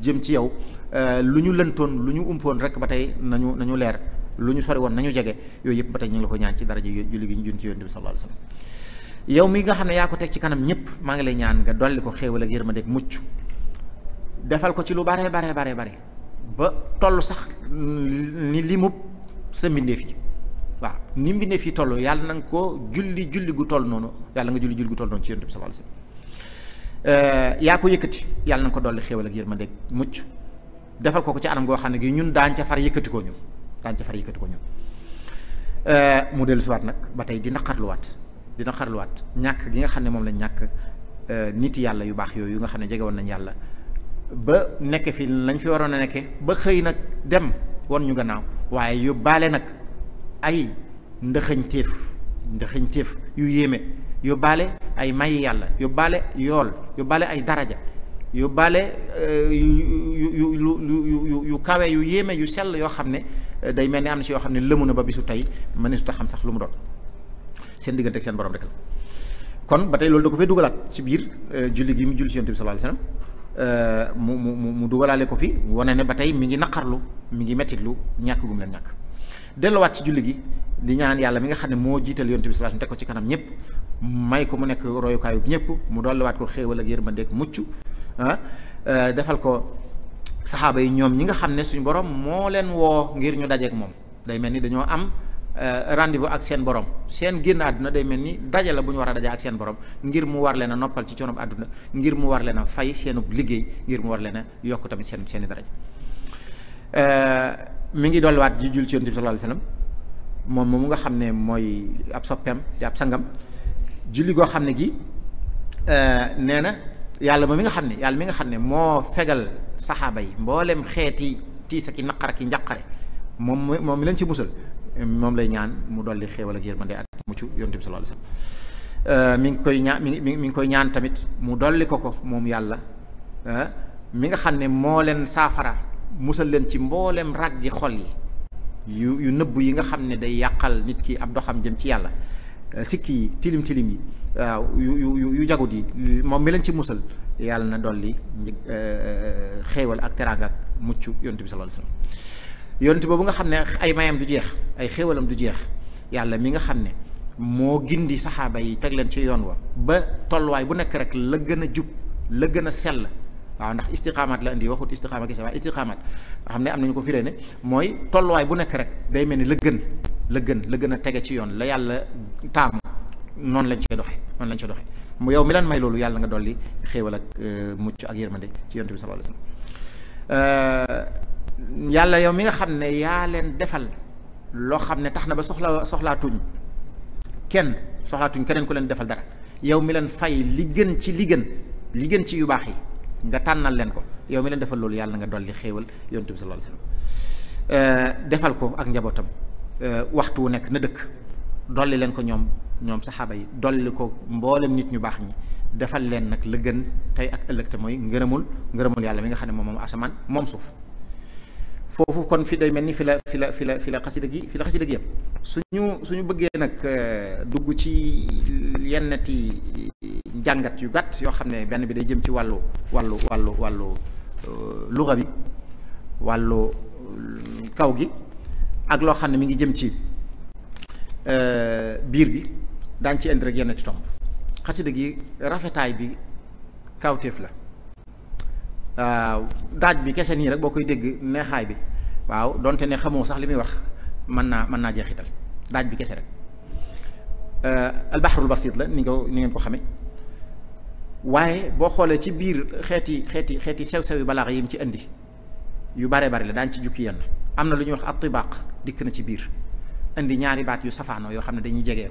jëm ci yow euh, lu ñu lëntoon lu ñu umpoon rek ba tey nañu nañu leer lu ñu sori woon nañu jege yooyu yëpp ba tey ñu ngi la ko ñaan ci daraja julli gi ñu jun ci yonent bi sallallahu alayhi wasallam yow mii nga xam ne yaa ko teg ci kanam ñëpp maa ngi lay ñaan nga dolli ko xéewal ak yërmandeeg mucc defal ko ci lu bare bare bare bare ba toll sax ni li mu sa mbindeef yi waaw ni mbindeef yi toll yàlla na nga ko julli julli gu toll noonu yàlla nga julli julli gu toll noonu ci yonent bi sallallahu alayhi wasallam eh, yaa ko yëkkati yàlla na nga ko dolli mucc defal ko ko ci anam goo xam ne gi ñun daan ca far yëkkati ko ñun daan ca far yëkkati ko ñun eh, mu dellusiwaat nag ba tey di naqarluwaat dina xarluwaat ñàkk gi nga xam ne moom lañ ñàkk euh, nit yàlla yu baax yooyu nga xam ne jege woon nañ yàlla ba nekk fi lañ fi waroon a nekkee ba xëy nag dem won ñu gannaaw waaye yóbbaale nag ay ndëxëñteef ndëxëñteef yu yéeme yóbbaale ay may yàlla yóbbaale yool yóbbaale ay daraja yóbbaale euh, yu yu yu yu kawe yu yéeme yu sell yoo xam ne euh, day mel ni am na si yoo xam ne lëmu na ba bisu tey mëneesut a xam sax lu mu doon. seen diggante ak seen borom rek la kon ba tey loolu da ko fay dugalaat ci biir euh, julli gi mu julli ci yonent bi sallallahu alayhi wasallam euh, mu mu mu dugalaale ko fi wane ne ba tey mi ngi naqarlu mi ngi mettitlu ñàkk gum leen ñàkk delluwaat ci julli gi di ñaan yàlla mi nga xam ne moo jiital yonent bi sallallahu alayhi wasallam teg ko ci kanam ñëpp may ko mu nekk royukaayu ñëpp mu dolliwaat ko xéewal ak yërmande ak mucc ah euh, defal ko saxaaba yi ñoom ñi nga xam ne suñu borom moo leen woo ngir ñu dajeek moom day mel ni dañoo am Euh, rendez-vous ak seen borom seen génn àdduna day mel ni dajale bu ñu war a dajaa ak seen borom ngir mu war leen a noppal ci coonob àdduna ngir mu war leen a fay bu liggéey ngir mu war leen a yokk tamit seen seen i daraja euh, mi ngi dolliwaat ji jul ci yonent bi sallallahu alayhi wasallam nga xam ne mooy ab soppeem di ab sangam julli goo xam ne gi euh, nee na yàlla moom mi nga xam ne yàlla mi nga xam ne moo fegal saxaaba yi mbooleem xeeti tiis ak i naqar ak i njàqare moom moom mi leen ci musal moom lay ñaan mu dolli xéewal ak yërmande ak mucc yonent bi sallallahu alayhi wasallam euh, mi ngi koy ñaan mi mi ngi koy ñaan tamit mu dolli ko ko moom yàlla euh, mi nga xam ne moo leen saafara musal leen ci mbooleem rag ji xol yi yu yu nëbb yi nga xam ne day yàqal nit ki ab doxam jëm ci yàlla euh, sikki yi tilim tilim yi waaw yu yu yu jagut yi moom mi leen ci musal yàlla na dolli xéewal ak teraanga ak mucc yonent bi sallallahu yonent boobu nga xam ne ay mayam du jeex ay xéewalam du jeex yàlla mi nga xam ne moo gindi saxaaba yi teg leen ci yoon wa ba tolluwaay bu nekk rek la gën a jub la gën a sell waaw ndax istiqaamaat la indi waxut istiqaama kese waaye istiqaamaat nga xam ne am nañu ko firee ne mooy tolluwaay bu nekk rek day mel ni la gën la gën la gën a tege ci yoon la yàlla taamu noonu lañ cee doxe noonu lañ cee doxe mu yow mi lan may loolu yàlla nga dolli xéewal ak euh, mucc ak yërmande ci yonent bi sallallahu alayhi wasallam euh, yàlla yow mi nga xam ne yaa leen defal loo xam ne tax na ba soxla soxlaatuñ kenn soxlaatuñ keneen ku leen defal dara yow mi leen fay li gën ci li gën li gën ci yu baax yi nga tànnal leen ko yow mi leen defal loolu yàlla nga dolli xéewal yonent bi sallallahu alayhi wasallam euh, defal ko ak njabootam euh, waxtu wu nekk na dëkk dolli leen ko ñoom ñoom saxaaba yi dolli ko mboolem nit ñu baax ñi defal leen nag la gën tey ak ëllëg te mooy ngërëmul ngërëmul yàlla mi nga xam ne moom moom asamaan moom suuf foofu kon fi day mel ni fi la fi la fi la fi la xasida gi fi la xasida gi yëpp suñu suñu bëggee nag euh, dugg ci yennati njàngat yu gàtt yoo xam ne benn bi day jëm ci wàllu wàllu wàllu wàllu euh, luxa bi wàllu euh, kaw gi ak loo xam ne mi ngi jëm ci biir bi daañ ci indi rek yenn ci tomb xasida gi rafetaay bi kawteef la Euh, daaj bi kese nii rek boo koy dégg neexaay bi waaw donte ne xamoo sax li muy wax mën naa mën naa jeexital daaj bi kese rek euh, albaxarul basit la ni nga ni ngeen ko xame waaye boo xoolee ci biir xeeti xeeti xeeti sew-sew yu balaax yi ci indi yu bare bare la daañ ci jukki yenn am na lu ñuy wax attibaaq dikk na ci biir indi ñaari baat yu safaanoo yoo xam ne dañuy jege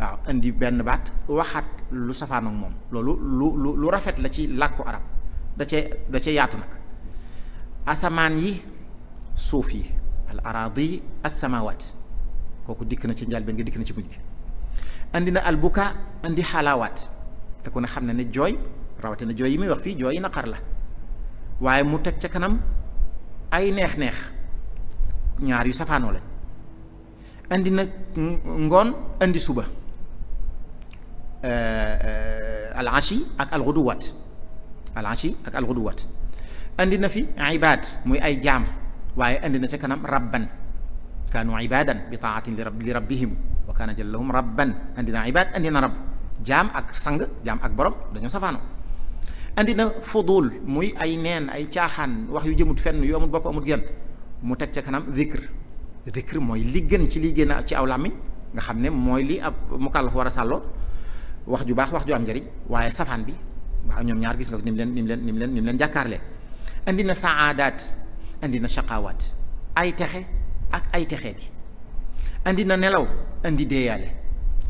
waaw indi benn baat waxaat lu safaanoog moom loolu lu lu lu rafet la ci làkku arab da ce da ce yaatu nag asamaan yi suuf yi al araadi asamawaat kooku dikk na ci njëlbéen nga dikk na ci mujj gi andi na albuka andi xalaawaat te ku ne xam na ne jooy rawatina jooy yi muy wax fii jooy yi naqar la waaye mu teg ca kanam ay neex-neex ñaar yu safaanoo lañ andi nag ngoon andi suba euh, euh, al ashi ak al guduwaat al ashi ak al ghuduwat indi na fi ibaad muy ay jaam waaye indi na ca kanam rabban kaanu ibaadan bi taatin li rabbihim wa kaana jalla lahum rabban andi na ibaad andi na rabb jaam ak sang jaam ak borom dañoo safaanoo andi na fudul muy ay neen ay caaxaan wax yu jëmut fenn yu amut bopp amut genn mu teg ca kanam zikr zikr mooy li gën ci li gën a ci aw làmmi nga xam ne mooy li ab mukallaf war a sàlloo wax ju baax wax ju am njëriñ waaye safaan bi waaw ñoom ñaar gis nga ko ni leen ni leen mu leen ni mu jàkkaarle andi na saadaat indi na shaqawaat ay texe ak ay texe bi andi na nelaw indi deeyaale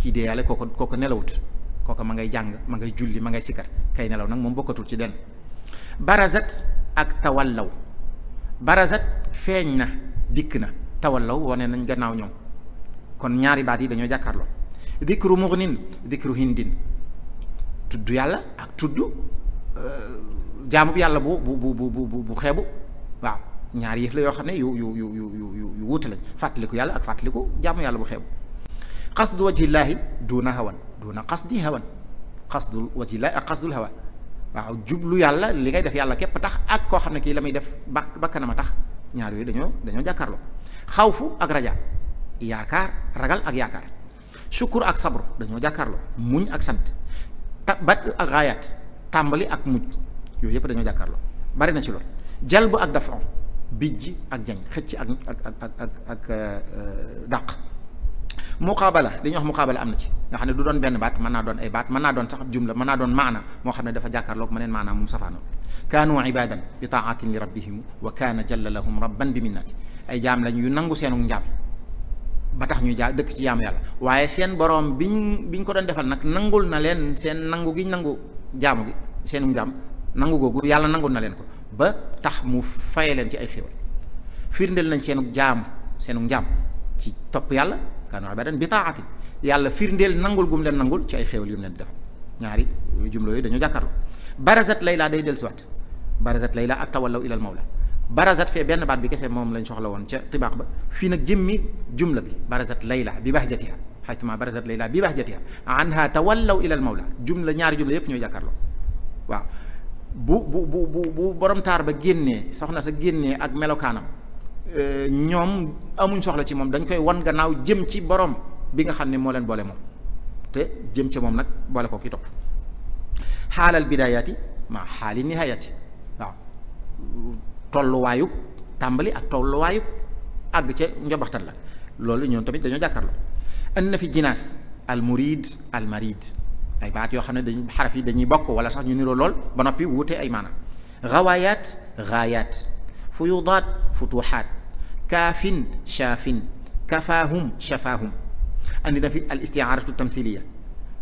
kii deeyaale kooko kooko nelawut kooko ma ngay jàng ma ngay julli ma ngay sikkar kay nelaw nag moom bokkatul ci den barazat ak tawallaw barazat feeñ na dikk na tawallaw wane nañ gannaaw ñoom kon ñaari baat yi dañoo jàkkaarloo dikru mughnin dikru hindin tudd yàlla ak tudd euh, jaamub yàlla bu bu bu bu bu bu xeebu waaw ñaar yëf la yoo xam ne yu yu yu yu yu yu wuute lañ fàttaliku yàlla ak fàttaliku jaamu yàlla bu xeebu xasdu wajhillaahi duuna hawan duuna xasdi hawan xasdul wajhillaahi ak xasdul hawa waaw jublu yàlla li ngay def yàlla képp tax ak koo xam ne kii la muy def bak bakkanam a tax ñaar yooyu dañoo dañoo jàkkaarloo xawfu ak raja yaakaar ragal ak yaakaar sukkur ak sabru dañoo jàkkaarloo muñ ak sant bat ak raayaat tàmbali ak mujj yooyu yëpp dañoo jàkkaarloo bari na ci lool jalbu ak dafa bijj ak jañ xëcc ak ak ak ak ak euh, dàq muqaabala li ñuy wax muqaabala am na ci nga xam ne du doon benn baat mën naa doon ay baat mën naa doon sax jumla mën naa doon maana moo xam ne dafa jàkkaarloog ma neen maanaam mum safaanoon kaanu ibadan bi taatin li rabbihim wa kaana jalla lahum rabban bi minnati ay jaam lañ yu nangu seenu njaam ba tax ñuy jaa dëkk ci jaamu yàlla waaye seen borom biñ biñ ko doon defal nag nangul na leen seen nangu gi nangu jaamu gi seen jaam nangu googu yàlla nangul na leen ko ba tax mu faye leen ci ay xéwal firndeel nañ seenu jaam seenu jaam ci topp yàlla kaanu abadan bi taati yàlla firndeel nangul gum leen nangul ci ay xéwal yu mu leen di defal ñaari jumlo yooyu dañoo jàkkaarloo barazat layla day dellusiwaat barazat layla ak tawallaw ilal la barazat fee benn baat bi kese moom lañ soxla woon ca tibaax ba fii nag jëmmi jumla bi barazat layla bi bahjatiha xajtuma barazat layla bi bahjatiha anha tawallaw ila al mawla jumla ñaari jumla yëpp ñooy jàkkaarloo waaw bu bu bu bu bu borom taar ba génnee soxna sa génnee ak melokaanam euh, ñoom amuñ soxla ci moom dañ koy wan gannaaw jëm ci borom bi nga xam ne moo leen boole moom te jëm ci moom nag boole ko ki topp xaalal bidaayati ma xaali nihaayati tolluwaayub tàmbali ak tolluwaayub àgg ca njobaxtan la loolu ñoom tamit dañoo jàkkaarloo indi na fi jinaas al murid ay baat yoo xam ne dañuy xaraf yi dañuy bokk wala sax ñu niroo lool ba noppi wutee ay maanaam gawaayaat gaayaat fuyudaat futuxaat kaafin shaafin kafaahum shafaahum andi na fi al istiaaratu tamthiliya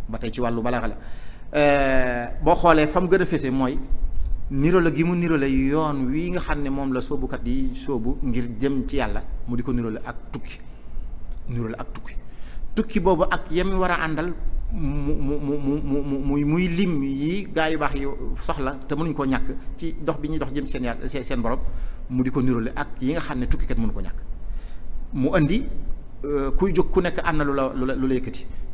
ba tey ci wàllu balaaxa la boo xoolee fa mu gën a fese mooy nirole gi mu nirole yoon wi nga xam ne moom la soobukat yi soobu ngir jëm ci yàlla mu di ko nirole ak tukki nirole ak tukki tukki boobu ak yemi war a àndal mu mu mu mu muy lim yi gaa yu baax yi soxla te mënuñ koo ñàkk ci dox bi ñuy dox jëm seen yàlla seen borom mu di ko nirole ak yi nga xam ne tukkikat mënu ko ñàkk mu andi Euh, kuy jóg ku nekk am na lu la lu la lu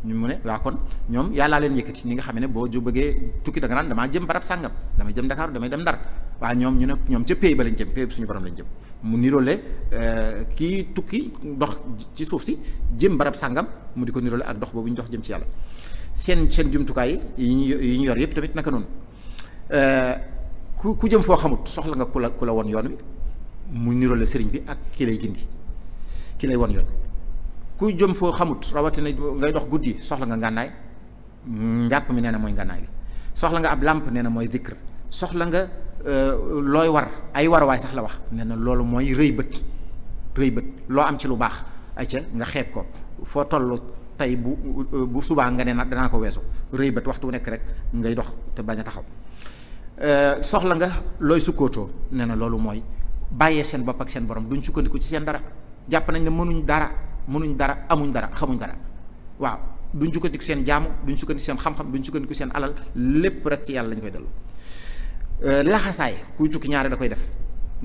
ñu mu ne waa kon ñoom yàllaa leen yëkkati ni nga xam ne boo ju bëggee tukki da nga naan damaa jëm barab sàngam damay jëm Dakar damay dem Ndar waaye ñoom ñu ne ñoom ca pays ba lañ jëm pays suñu borom lañ jëm mu niroole euh, kii tukki dox ci suuf si jëm barab sàngam mu di ko niroole ak dox boobu ñu dox jëm ci yàlla seen seen jumtukaay yi ñu yi ñu yor yëpp tamit naka noonu euh, ku ku jëm foo xamut soxla nga ku la ku la won yoon wi mu niroole sëriñ bi ak ki lay gindi ki lay won yoon kuy jëm foo xamut rawatina ngay dox guddi soxla nga ngànnaay njàpp mi nee na mooy ngànnaay bi soxla nga ab làmp nee na mooy dikr soxla nga euh, looy war ay waruwaay sax la wax nee na loolu mooy rëy bët rëy bët loo am ci lu baax ca nga xeeb ko foo toll tey bu euh, bu subaa nga ne na danaa ko weesu rëy bët waxtu nekk rek ngay dox te bañ a taxaw euh, soxla nga looy sukkootoo nee na loolu mooy bàyyee seen bopp ak seen borom duñ sukkandiku ci seen dara jàpp nañ ne mënuñ dara mënuñ dara amuñ dara xamuñ dara waaw duñ sukkandiku seen jaamu duñ sukkandiku seen xam-xam duñ sukkandiku seen alal lépp rek ci yàlla lañ koy dellu euh, laxasaay kuy tukki ñaare da koy def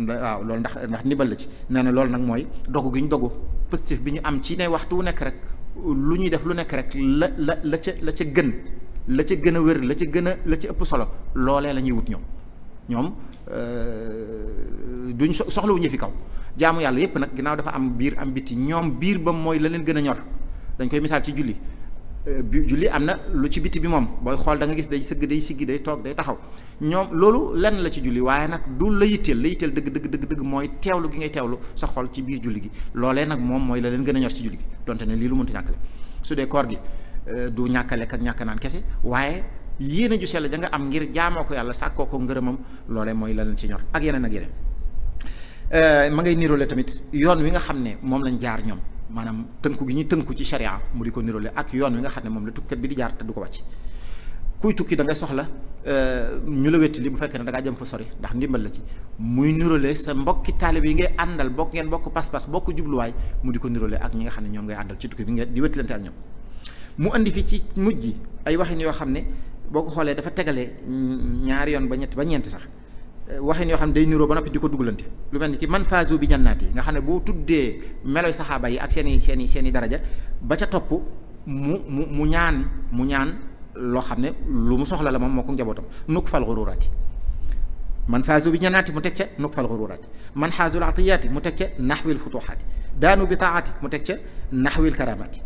waaw loolu ndax ndax ndimbal la ci nee na loolu nag mooy dogu gi ñu dogu positif bi ñu am ci ne waxtu wu nekk rek lu ñuy def lu nekk rek la la la ca la ca gën la ca gën a wér la ca gën a la ca ëpp solo loolee la ñuy wut ñoom ñoom Euh, duñ soxlawuñu fi kaw jaamu yàlla yépp nag ginnaaw dafa am biir am biti ñoom biir ba mooy la leen gën a ñor dañ koy misaal ci julli euh, bi julli am na lu ci biti bi moom booy xool da gis day sëgg day siggi day toog day taxaw ñoom loolu lenn la ci julli waaye nag du la yitteel la yitteel dëgg dëgg dëgg dëgg mooy teewlu gi ngay teewlu sa xol ci biir julli gi loolee nag moom mooy la leen gën a ñor ci julli gi donte ne lii lu mënta ñàkkale su dee koor gi euh, du ñàkk ñàkk naan kese yéene ju sell ja nga am ngir jaamoo ko yàlla sàkkoo ko ngërëmam loole mooy la leen ci ñor ak yeneen ak yeneen euh, ma ngay niroole tamit yoon wi nga xam ne moom lañ jaar ñoom maanaam tënku gi ñuy tënku ci sharia mu di ko niroole ak yoon wi nga xam ne moom la tukkat bi di jaar te du ko wàcc kuy tukki da ngay soxla euh, ñu la wetti li bu fekkee ne da ngaa jëm fa sori ndax ndimbal la ci muy niroole sa mbokki taalib yi ngay àndal bokk ngeen bokk pas-pas bokk jubluwaay mu di ko niroole ak ñi nga xam ne ñoom ngay àndal ci tukki bi nga di wettilante ak ñoom mu andi fi ci mujj gi ay waxin yoo xam ne boo ko xoolee dafa tegale ñaari yoon ba ñett ba ñeenti sax waxin yoo xam ne day niroo ba noppi di ko dugalante lu mel ni ci man faazu bi jannaat yi nga xam ne boo tuddee meloy saxaaba yi ak seen i seen daraja ba ca topp mu mu mu ñaan mu ñaan loo xam ne lu mu soxla la moom moo ko nukk fal xururaati man faazu bi jannaati mu teg ca nukk fal xururaati man xaazul atiyaati mu teg ca naxwil futuxaati daanu bi taati mu teg ca naxwil karamaati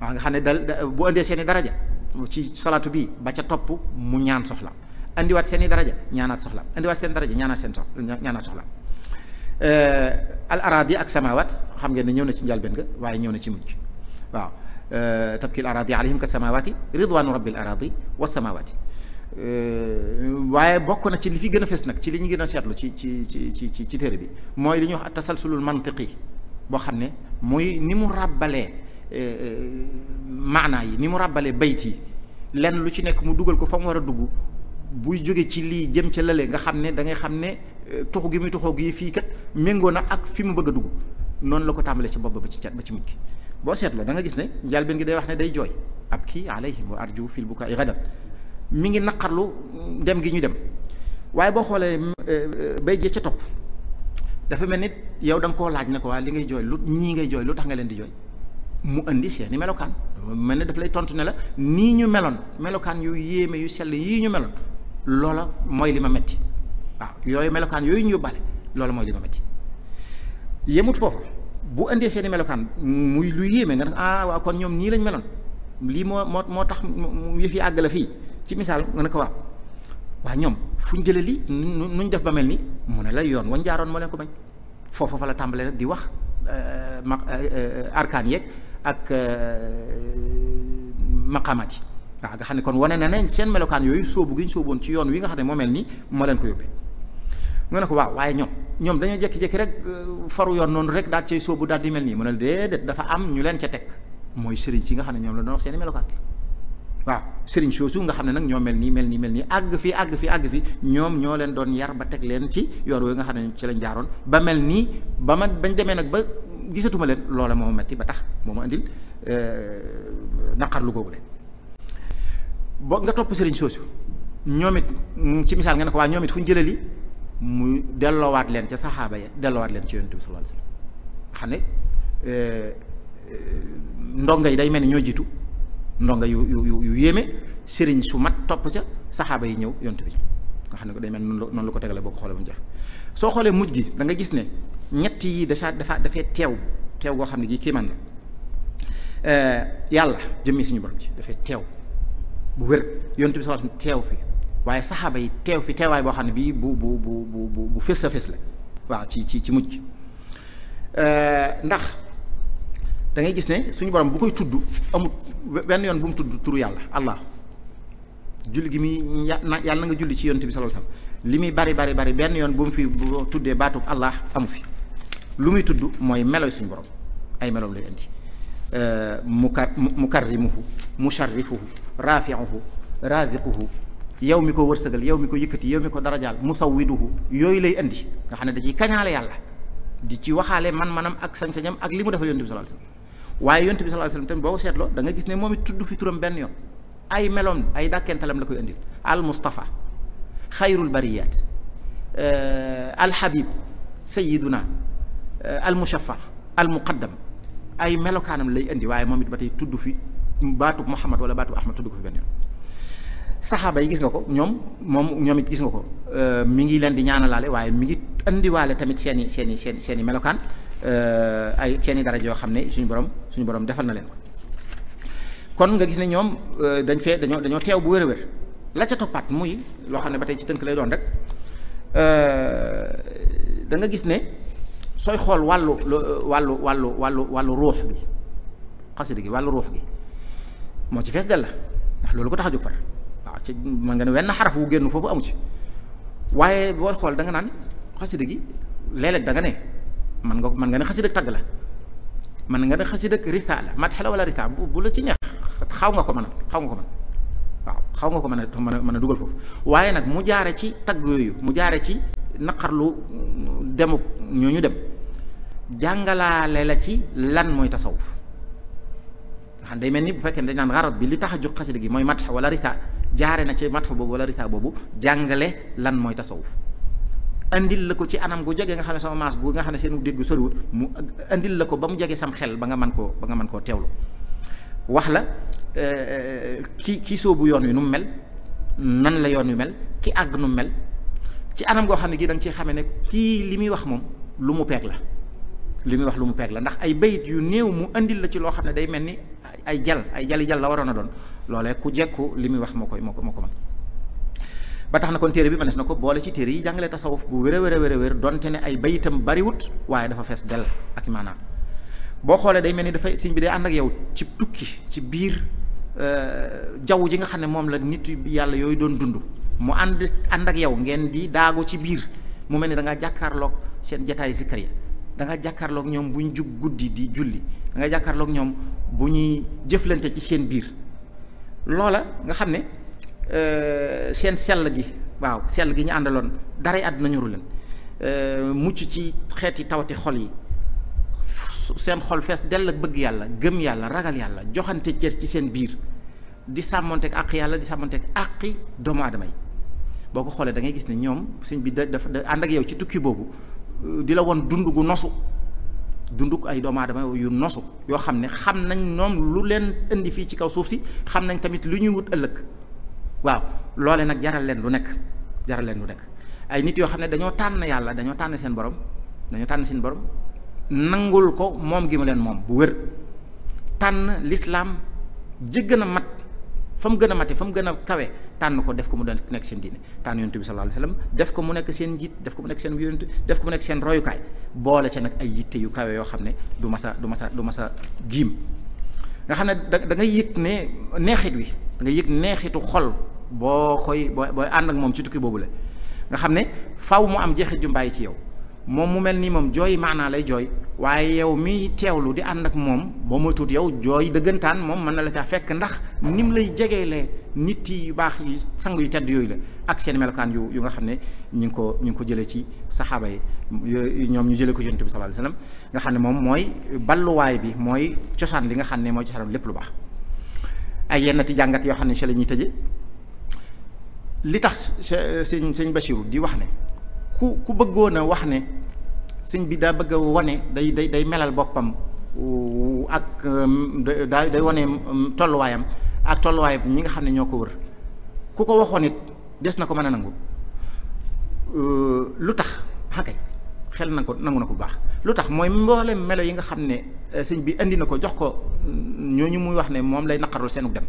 waa nga xam ne dal bu indee seen i daraja ci salaatu bi ba ca topp mu ñaan soxla andiwaat seen i daraja ñaanaat soxla andiwaat seen daraja ñaanaat seen soxla ñaanaat soxla eh, al araadi ak samawat xam ngeen ne ñëw na ci njalbeen ga waaye ñëw na ci mujj waaw eh, tabkil araadi alayhim ka samawati ridwanu rabbil araadi wa samawati eh, waaye bokk na ci li fi gën a fes nag ci li ñu gën a seetlu ci ci ci ci ci téere bi mooy li ñuy wax tasalsulul mantiqi boo xam ne muy ni mu ràbbalee Euh, euh, maanaa yi ni mu ràbbalee bayt yi lenn lu ci nekk mu dugal ko fa mu war a dugg buy jóge ci lii jëm ca lale nga xam ne da ngay xam ne euh, tuxu gi muy tuxoo gi fii kat méngoo na ak fi mu bëgg a dugg noonu la ko tàmbalee ci bopp ba ci cat ba ci mujj gi boo seetloo da nga gis ne njëlbéen gi day wax ne day jooy ab kii alayhim wa arju fil bukaa gadan mi ngi naqarlu dem gi ñu dem waaye boo xoolee bay jee ca topp dafa mel nit yow da nga koo laaj ne ko waa li ngay jooy lu ñii ngay jooy lu tax nga leen di jooy mu indi seeni melokaan mel ne daf lay tontu ne la nii ñu meloon melokaan yu yéeme yu sell yii ñu meloon loola mooy li ma metti waaw yooyu melokaan yooyu ñu yóbbaale loola mooy li ma metti yemut foofa bu indee seeni melokaan muy lu yéeme nga ne ah waaw kon ñoom nii lañ meloon lii moo moo moo tax mu yëf yi àgg la fii ci misaal nga ne ko waaw waaw ñoom fu ñu jëlee lii nuñ def ba mel ni mu ne la yoon wañ jaaroon moo leen ko bañ foofa fa la tàmbalee di wax euh, ma euh, euh, yeeg ak euh, maqamat yi waaw nga xam ne kon wane na ne seen melokaan yooyu sóobu gi ñu sóoboon ci yoon wi nga xam ne moo mel ni moo leen ko yóbbee mu ne ko waaw waaye ñoom ñoom dañoo jékki-jékki rek euh, faru yoon noonu rek daal cay sóobu daal di mel nii mu ne déedéet dafa am ñu leen ca teg mooy sëriñ si nga xam ne ñoom la doon wax seen i melokaan waaw sëriñ soosu nga xam ne nag ñoo mel nii mel nii mel nii àgg fi àgg fi àgg fi ñoom ñoo leen doon yar ba teg leen ci yoon woowu nga xam ne ci lañ jaaroon ba mel nii ba ma bañ demee nag ba gisatuma leen loola moo metti ba tax moo ma indil euh, naqarlu googu leen boo nga topp sëriñ soosu ñoom it mm, ci misaal nga ne ko waa ñoomit it fu ñu jëlee lii mu dellowaat leen ca saxaaba ya dellowaat leen ci yonent bi sallallahu alayhi wasallam xam ne euh, euh, ndongo yi day mel ni ñoo jiitu ndongo yu yu yu yéeme sëriñ su mat topp ca saxaaba yi ñëw yonent bi nga xam ne ko day mel noon la ko tegale boo ko xoolee ba mu jeex soo xoolee mujj gi da nga gis ne ñett yi dafa dafa dafay teew teew goo xam ne gii kiiman la eh, yàlla jëmmi suñu borom ci dafay teew bu wér yonent bi sallallahu alayhi wasallam teew fi waaye saxaaba yi teew fi teewaay boo xam ne bii bu bu bu bu bu fés a fés la waaw ci ci ci mujj eh, ndax da gis ne suñu borom bu koy tudd amut benn yoon bu mu tudd turu yàlla allah julli gi muy yàlla na nga julli ci yonent bi sallallahu sa wasallam li muy bari bari bari benn yoon bu mu fi bu tuddee baatu allah amu fi lu muy tudd mooy meloy suñu borom ay meloom lay indi euh, mukar mukarrimuhu musharrifuhu raafiuhu raziquhu yaw mi ko wërsëgal yow mi ko yëkkati yow mi ko darajaal musawwiduhu yooyu lay indi nga xam ne da ciy kañaale yàlla di ci waxaale man-manam ak sañ-sañam ak li mu defal yonent bi sallallahu alayhi wasallam waaye yonent bi sallallahu alayhi wasallam tamit boo ko seetloo da nga gis ne moom it tudd fi turam benn yoon ay meloom ay dàkkentelam la koy indil al mustafa xayrul bariyat euh, al habib al euh, almushaffa almuqaddam ay melokaanam lay indi waaye moom it ba tey tudd fi baatub Muhammad wala baatub Ahmad tudd ko fi benn yoon saxaaba yi gis nga ko ñoom moom ñoom it gis nga ko euh, mi ngi leen di ñaanalaale waaye mi ngi indiwaale tamit seen i seeni i seen seen i melokaan euh, ay seen i dara yoo xam ne suñu borom suñu borom defal na leen ko kon nga gis ne ñoom dañ fee dañoo dañoo teew bu wér a wér la ca toppaat muy loo xam ne ba tey ci tënk lay doon rek da gis ne. sooy xool wàllu wàllu wàllu wàllu wàllu ruux bi xasida gi wàllu ruux gi moo ci fees del la ndax loolu ko tax a jóg far waaw ci mën nga ne wenn xaraf wu génn foofu amu ci waaye booy xool da nga naan xasida gi léeg-léeg da nga ne man nga mën nga ne xasida tagg la mën nga ne xasida risaala madh la wala risaala bu bu la ci neex xaw nga ko mën a xaw nga ko mën waaw xaw nga ko mën a mën a mën a dugal foofu waaye nag mu jaare ci tagg yooyu mu jaare ci naqarlu mm, demuk ñooñu dem jàngalaale la ci lan mooy tasawuf nga xam day mel ni bu fekkee ne dañ naan xarat bi li tax a jóg xasida gi mooy matx wala risa jaare na ci matx boobu wala rita boobu jàngale lan mooy tasawuf indil la ko ci anam gu jege nga xam ne sama maas gu nga xam ne seen dégg soriwul mu indil la ko ba mu jege sam xel ba nga man koo ba nga mën koo wax la euh, ki ki soobu yoon wi nu mu mel nan la yoon wi mel ki àgg nu mu mel ci anam goo xam ne gii da nga ciy xamee ne kii li muy wax moom lu mu peeg la li muy wax lu mu peeg la ndax ay bayit yu néew mu andil la ci loo xam ne day mel ni ay jal ay jali jal la waroon a doon loole ku jekku li muy wax moo koy moo ko moo ko ba tax na kon téere bi mënees na ko boole ci téere yi jàngale tasawuf bu wér a wér a wér a wér donte ne ay bayitam bariwut waaye dafa fees dell ak maanaam boo xoolee day mel ni dafay sëñ bi dee ànd ak yow ci tukki ci biir euh, jaww ji nga xam ne moom la nit yàlla yooyu doon dund mu ànd ànd yow ngeen di daagu ci biir mu mel ni da ngaa jàkkaarloog seen jataay zikkar ya danga nga jàkkaarloog ñoom bu ñu jug guddi di julli da nga ñoom bu ñuy jëflante ci seen biir loola nga xam ne euh, seen sell gi waaw sell gi ñu àndaloon daray àdduna ñoru leen euh, mucc ci xeeti tawati xol yi seen xol fees dell ak bëgg yàlla gëm yàlla ragal yàlla joxante cër ci seen biir di sàmmonteeg àq yàlla di sàmmonteeg àqi doomu aadama yi boo ko xoolee dangay gis ne ñoom sëñ bi da dafa ànd ak yow ci tukki boobu di la woon dund gu nosu dund ko ay doomu aadama yu nosu yoo xam ne xam nañ ñoom lu leen indi fii ci kaw suuf si xam nañ tamit lu ñuy wut ëllëg waaw loole nag jaral leen lu nekk jaral leen lu nekk ay nit yoo xam ne dañoo tànn yàlla dañoo tànn seen borom dañoo tànn seen borom nangul ko moom gi mu leen moom bu wër tànn lislaam ji gën a mat fa mu gën a mate fa mu gën a kawe tànn ko def ko mu nekk seen diine tànn yonent bi sallallahu alayhi wasallam def ko mu nekk seen njiit def ko mu nekk seen def ko mu nekk seen royukaay boole ca nag ay yitte yu kawe yoo xam ne du masa du masa du masa giim nga xam ne da da nga yëg ne neexit wi da nga yëg neexitu xol boo koy booy ànd ak moom ci tukki boobu la nga xam ne faw mu am jeexit ju ci yow moom mu mel nii moom jooy maanaa lay jooy waaye yow mi teewlu di ànd ak moom boo ma tuut yow jooy dëggantaan moom mën na la caa fekk ndax nim lay jegeele nit yi yu baax yi sang yu tedd yooyu la ak seen melokaan yu yu nga xam ne ñu ko ñu ngi ko jëlee ci saxaaba yi ñoom ñu jëlee ko yonent bi sallallahu alayhi wasallam nga xam ne moom mooy balluwaay bi mooy cosaan li nga xam ne mooy cosaan lépp lu baax ay yenn ti jàngat yoo xam ne si la ñuy tëje li tax sëñ sëñ Bachirou di wax ne ku ku bëggoon a wax ne sëñ bi daa bëgg a wane day day day melal boppam uh, ak um, daa day wane um, tolluwaayam ak tolluwaayam ñi nga xam ne ñoo ko wër ku ko waxoon it des na ko mën a nangu uh, lu tax xakay ah, xel na ko nangu na ko bu baax lu tax mooy mboolem melo yi nga xam ne uh, sëñ bi indi na ko jox ko mm, ñooñu muy wax ne moom lay naqarul seenug dem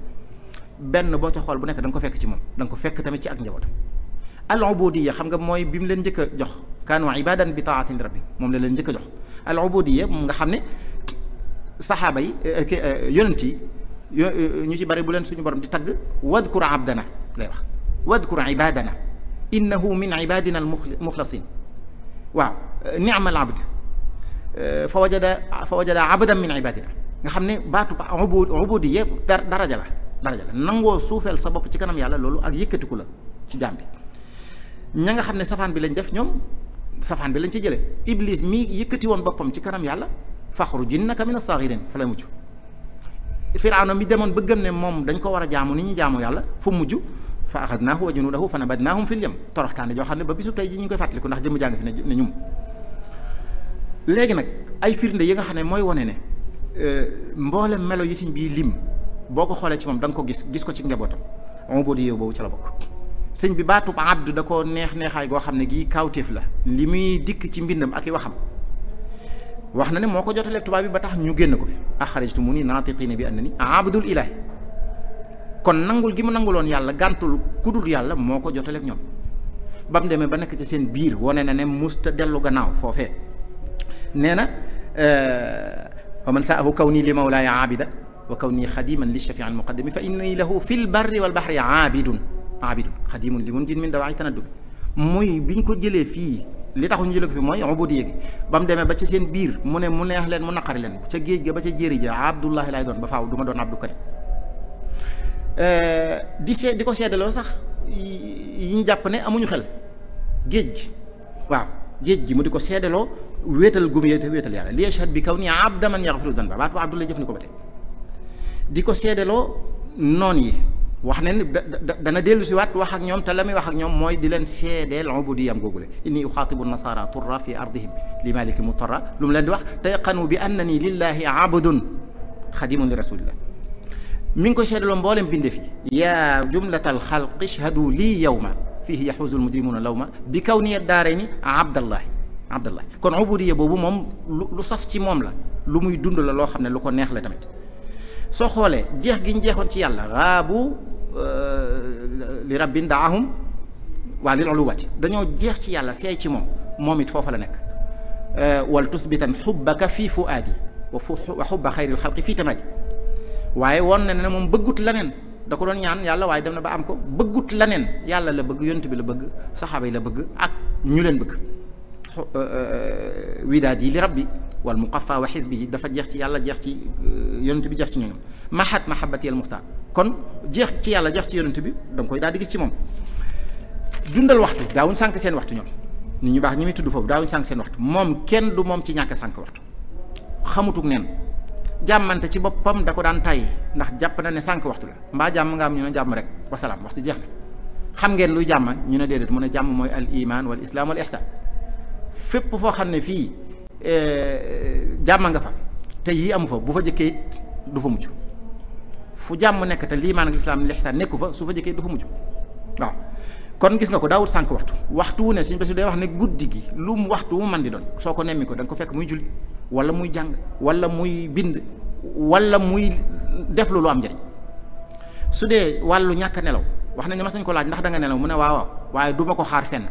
benn boo ca xool bu nekk da nga ko fekk ci moom da nga ko fekk tamit ci ak njabootam al ubudiyya xam nga mooy bi mu leen njëkk a jox kaanu ibadan bi taatin rabbi moom la leen njëkk a jox al ubudiyya moom nga xam ne saxaaba yi eh, eh, eh, yonent yi ñu ci bari bu leen suñu borom di tagg wadkur abdana lay wax wadkur ibadana innahu min ibadina al muxlasin waaw ni'ma al abd fa wajada fa wajada abdan min ibadina nga xam ne baatu ubud ubudiyya daraja la daraja la nangoo suufeel sa bopp ci kanam yàlla loolu ak yëkkatiku la ci jaam bi ña nga xam ne safaan bi lañ def ñoom safaan bi lañ ci jëlee iblis mi yëkkati woon boppam ci kanam yàlla ji faxru jinnaka mina saaxirin fa la mujj firaano mi demoon ba gëm ne moom dañ ko war a jaamu ni ñu jaamu yàlla fu mujj fa axadnaahu wa junuudahu fa nabadnaahum fil yam toroxtaane joo xam ne ba bisu tey ji ñu ngi koy fàttaliku ndax jëmm jàng fi ne ñum léegi nag ay firnde yi nga xam ne mooy wane ne euh, mboolem melo yi siñ bii lim boo ko xoolee ci moom da nga ko gis gis ko ci njabootam on boo ci la bokk sëñ bi baatub abdu da ko neex neexaay goo xam ne gii kawtéef la li muy dikk ci mbindam ak i waxam wax na ne moo ko jotalee tubaab bi ba tax ñu génn ko fi axarajtu mu ni naatiqiina bi annani abdul ilaah kon nangul gi mu nanguloon yàlla gàntul ku dul yàlla moo ko jotaleeg ñoom ba mu demee ba nekk ci seen biir wane na ne musta dellu gannaaw foofe nee na euh, wa man saahu kaw nii li mawlaaya aabida wa kaw nii xadiman li shafii almuqaddami fa inni lahu fi lbarri walbahri aabidun abidun xadimun li mun jin min dawaayi tanaddum muy biñ ko jëlee fii li taxu ñu jëlee ko fi mooy ubudiyya gi ba mu demee ba ci seen biir mu ne mu neex leen mu naqari leen ca géej ga ba ca jéeri ja abdullahi laay doon ba faaw du ma doon abdu karim euh, di see di ko seedaloo sax yi ñu jàpp ne amuñu xel géej gi waaw géej gi mu di ko seedaloo wéetal gum yéete wéetal yàlla li yashhad bi kaw ni abdaman yaghfiru zanba waatu abdullahi jëf ni ko ba ko wax ne dana dellu si wax ak ñoom te la muy wax ak ñoom mooy di leen seedeel ubudiyam googule inni uxaatibu nasara turra fi ardihim li maliki mutarra lu mu leen di wax tayqanu bi annani lillahi abdun xadimun li rasulillah mi ngi koy seedaloo mboolem binde fi yaa jumlatal xalq ishhadu lii yawma fihi yaxuusul mujrimuna lawma bi kawniya daarayni abdallahi abdallahi kon ubudiya boobu moom lu saf ci moom la lu muy dund la loo xam ne lu ko neex la tamit soo xoolee jeex gi ñu jeexoon ci yàlla raabu euh, li rabbin daahum waa lil uluwati dañoo jeex ci yàlla seey ci moom moom it foofa la nekk euh, wal tusbitan xubbaka fii fuaadi wa fu wa xubba xayril xalqi fii tamadi waaye won na ne moom bëggut leneen da ko doon ñaan yàlla waaye dem na ba am ko bëggut leneen yàlla la bëgg yonent bi la bëgg saxaaba la bëgg ak ñu leen bëgg euh, widaad yi li rabbi wal muqaffa wa xisbihi dafa jeex ci yàlla jeex ci euh, yonent bi jeex ci ñoom mahat mahabbati al muxtaar kon jeex ci yàlla jeex ci yonant bi da koy daal di ci moom dundal waxtu daawuñ sànq seen waxtu ñoom nit ñu baax ñi muy tudd foofu daawuñ sànq seen waxtu moom kenn du moom ci ñàkk sànq waxtu xamutug neen jàmmante ci boppam da ko daan tàyyi ndax jàpp na ne sànq waxtu la mbaa jàmm nga am ñu ne jàmm rek wasalaam waxtu jeex na xam ngeen luy jàmm ñu ne déedéet mu ne jàmm mooy al iman wal islam wal ihsan fépp foo fii Eh, jàmm nga fa te yii amu fa bu fa jëkkee it du fa mujj fu jàmm nekk te liimaan ak lislaam lixsaan nekku fa su fa jëkkee du fa mujj waaw kon gis nga ko daawut sànq waxtu waxtu wu ne suñu bés bi day wax ne guddi gi lu mu waxtu wu man di doon soo ko nemmi ko da ko fekk muy julli wala muy jàng wala muy bind walla muy def lu lu am njëriñ su dee wàllu ñàkk nelaw wax nañ ne mas nañ ko laaj ndax da nga nelaw mu ne waaw waaw waaye du ko xaar fenn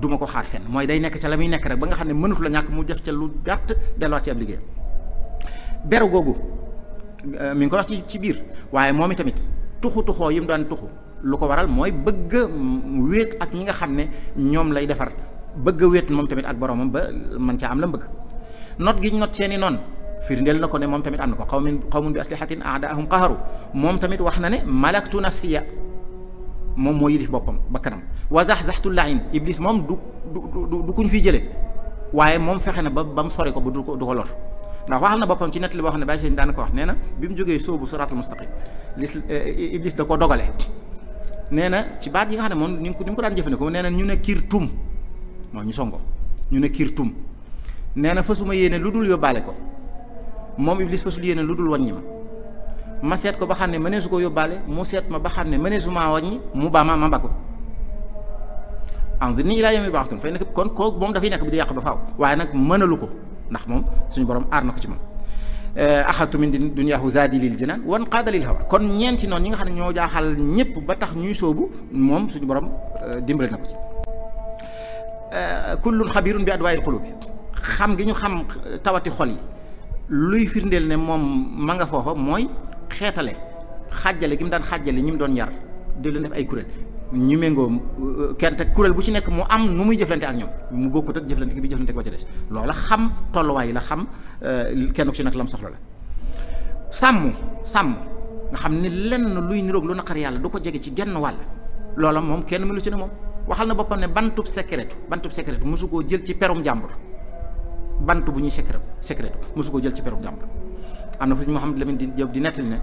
du ma ko xaar fenn mooy day nekk ca la muy nekk rek ba nga xam ne mënatu la ñàkk mu def ca lu gàtt delluwaat ci ab liggéeyam beru googu euh, mi ngi ko wax ci ci biir waaye moom tamit tuxu tuxoo yi mu daan tuxu lu ko waral mooy bëgg a wéet ak ñi nga xam ne ñoom lay defar bëgg wéet moom tamit ak boromam ba mën caa am la bëgg not gi ñu not seeni noon firndeel na ko ne moom tamit am na ko xawmin xawmun bi aslihatin aadaahum qaharu moom tamit wax na ne malaktu nafsiya moom moo yilif boppam ba bakkanam wa zaxzaxtu lain iblis moom du du du kuñ fiy jëlee waaye moom fexe na ba ba mu sori ko ba du ko du ko lor ndax waxal na boppam ci nettali boo xam ne bàyyi seen daan ko wax nee na bi mu jógee sóobu suratul mustaqim lis eh, eh, iblis da ko dogale nee na ci baat yi nga xam ne moom ni mu ko ni mu ko daan jëfandikoo nee na ñu ne kiir tum mooy ñu songo ñu ne kiir tum nee na fasuma yéene lu dul yóbbaale ko moom iblis fasul yéene lu dul wàññi ma seet ko ba xam ne mëneesu koo yóbbaale mu seet ma ba xam ne mëneesu maa wàññi mu baa ma ma mbagg ko and nii laa yem yu baaxatun fay nekk kon kook moom dafay nekk bi di yàq ba faaw waaye nag mënalu ko ndax moom suñu borom aar na ko ci moom euh, axatu min duniyaahu zaadi lil jinaan wan qaada lil hawa kon ñeenti noonu ñi nga xam ne ñoo jaaxal ñëpp ba tax ñuy soobu moom suñu borom euh, dimbali na ko ci euh, kullun xabirun bi adwaayil xulub xam gi ñu xam tawati xol yi luy firndeel ne moom ma nga mooy xeetale xàjjale gi mu daan xàjjale ñi mu doon yar di leen def ay kuréel ñu méngoo euh, kenn te kuréel bu ci nekk mu am nu muy jëflante ak ñoom mu bokkut ak jëflante bi jëflante ba ca des loola xam tolluwaay la xam euh, kenn ku ci nekk lam soxla la sàmm sàmm nga xam ni lenn luy niroog lu naqar yàlla du ko jege ci genn wàll loola moom kenn mënu ci ne moom waxal na boppam ne bantub secret bantub secret mosu koo jël ci perum jàmbur bant bu ñuy secret secret mosu koo jël ci perum jàmbur am na fu ñu Mouhamed Lamine Diop di nettali ne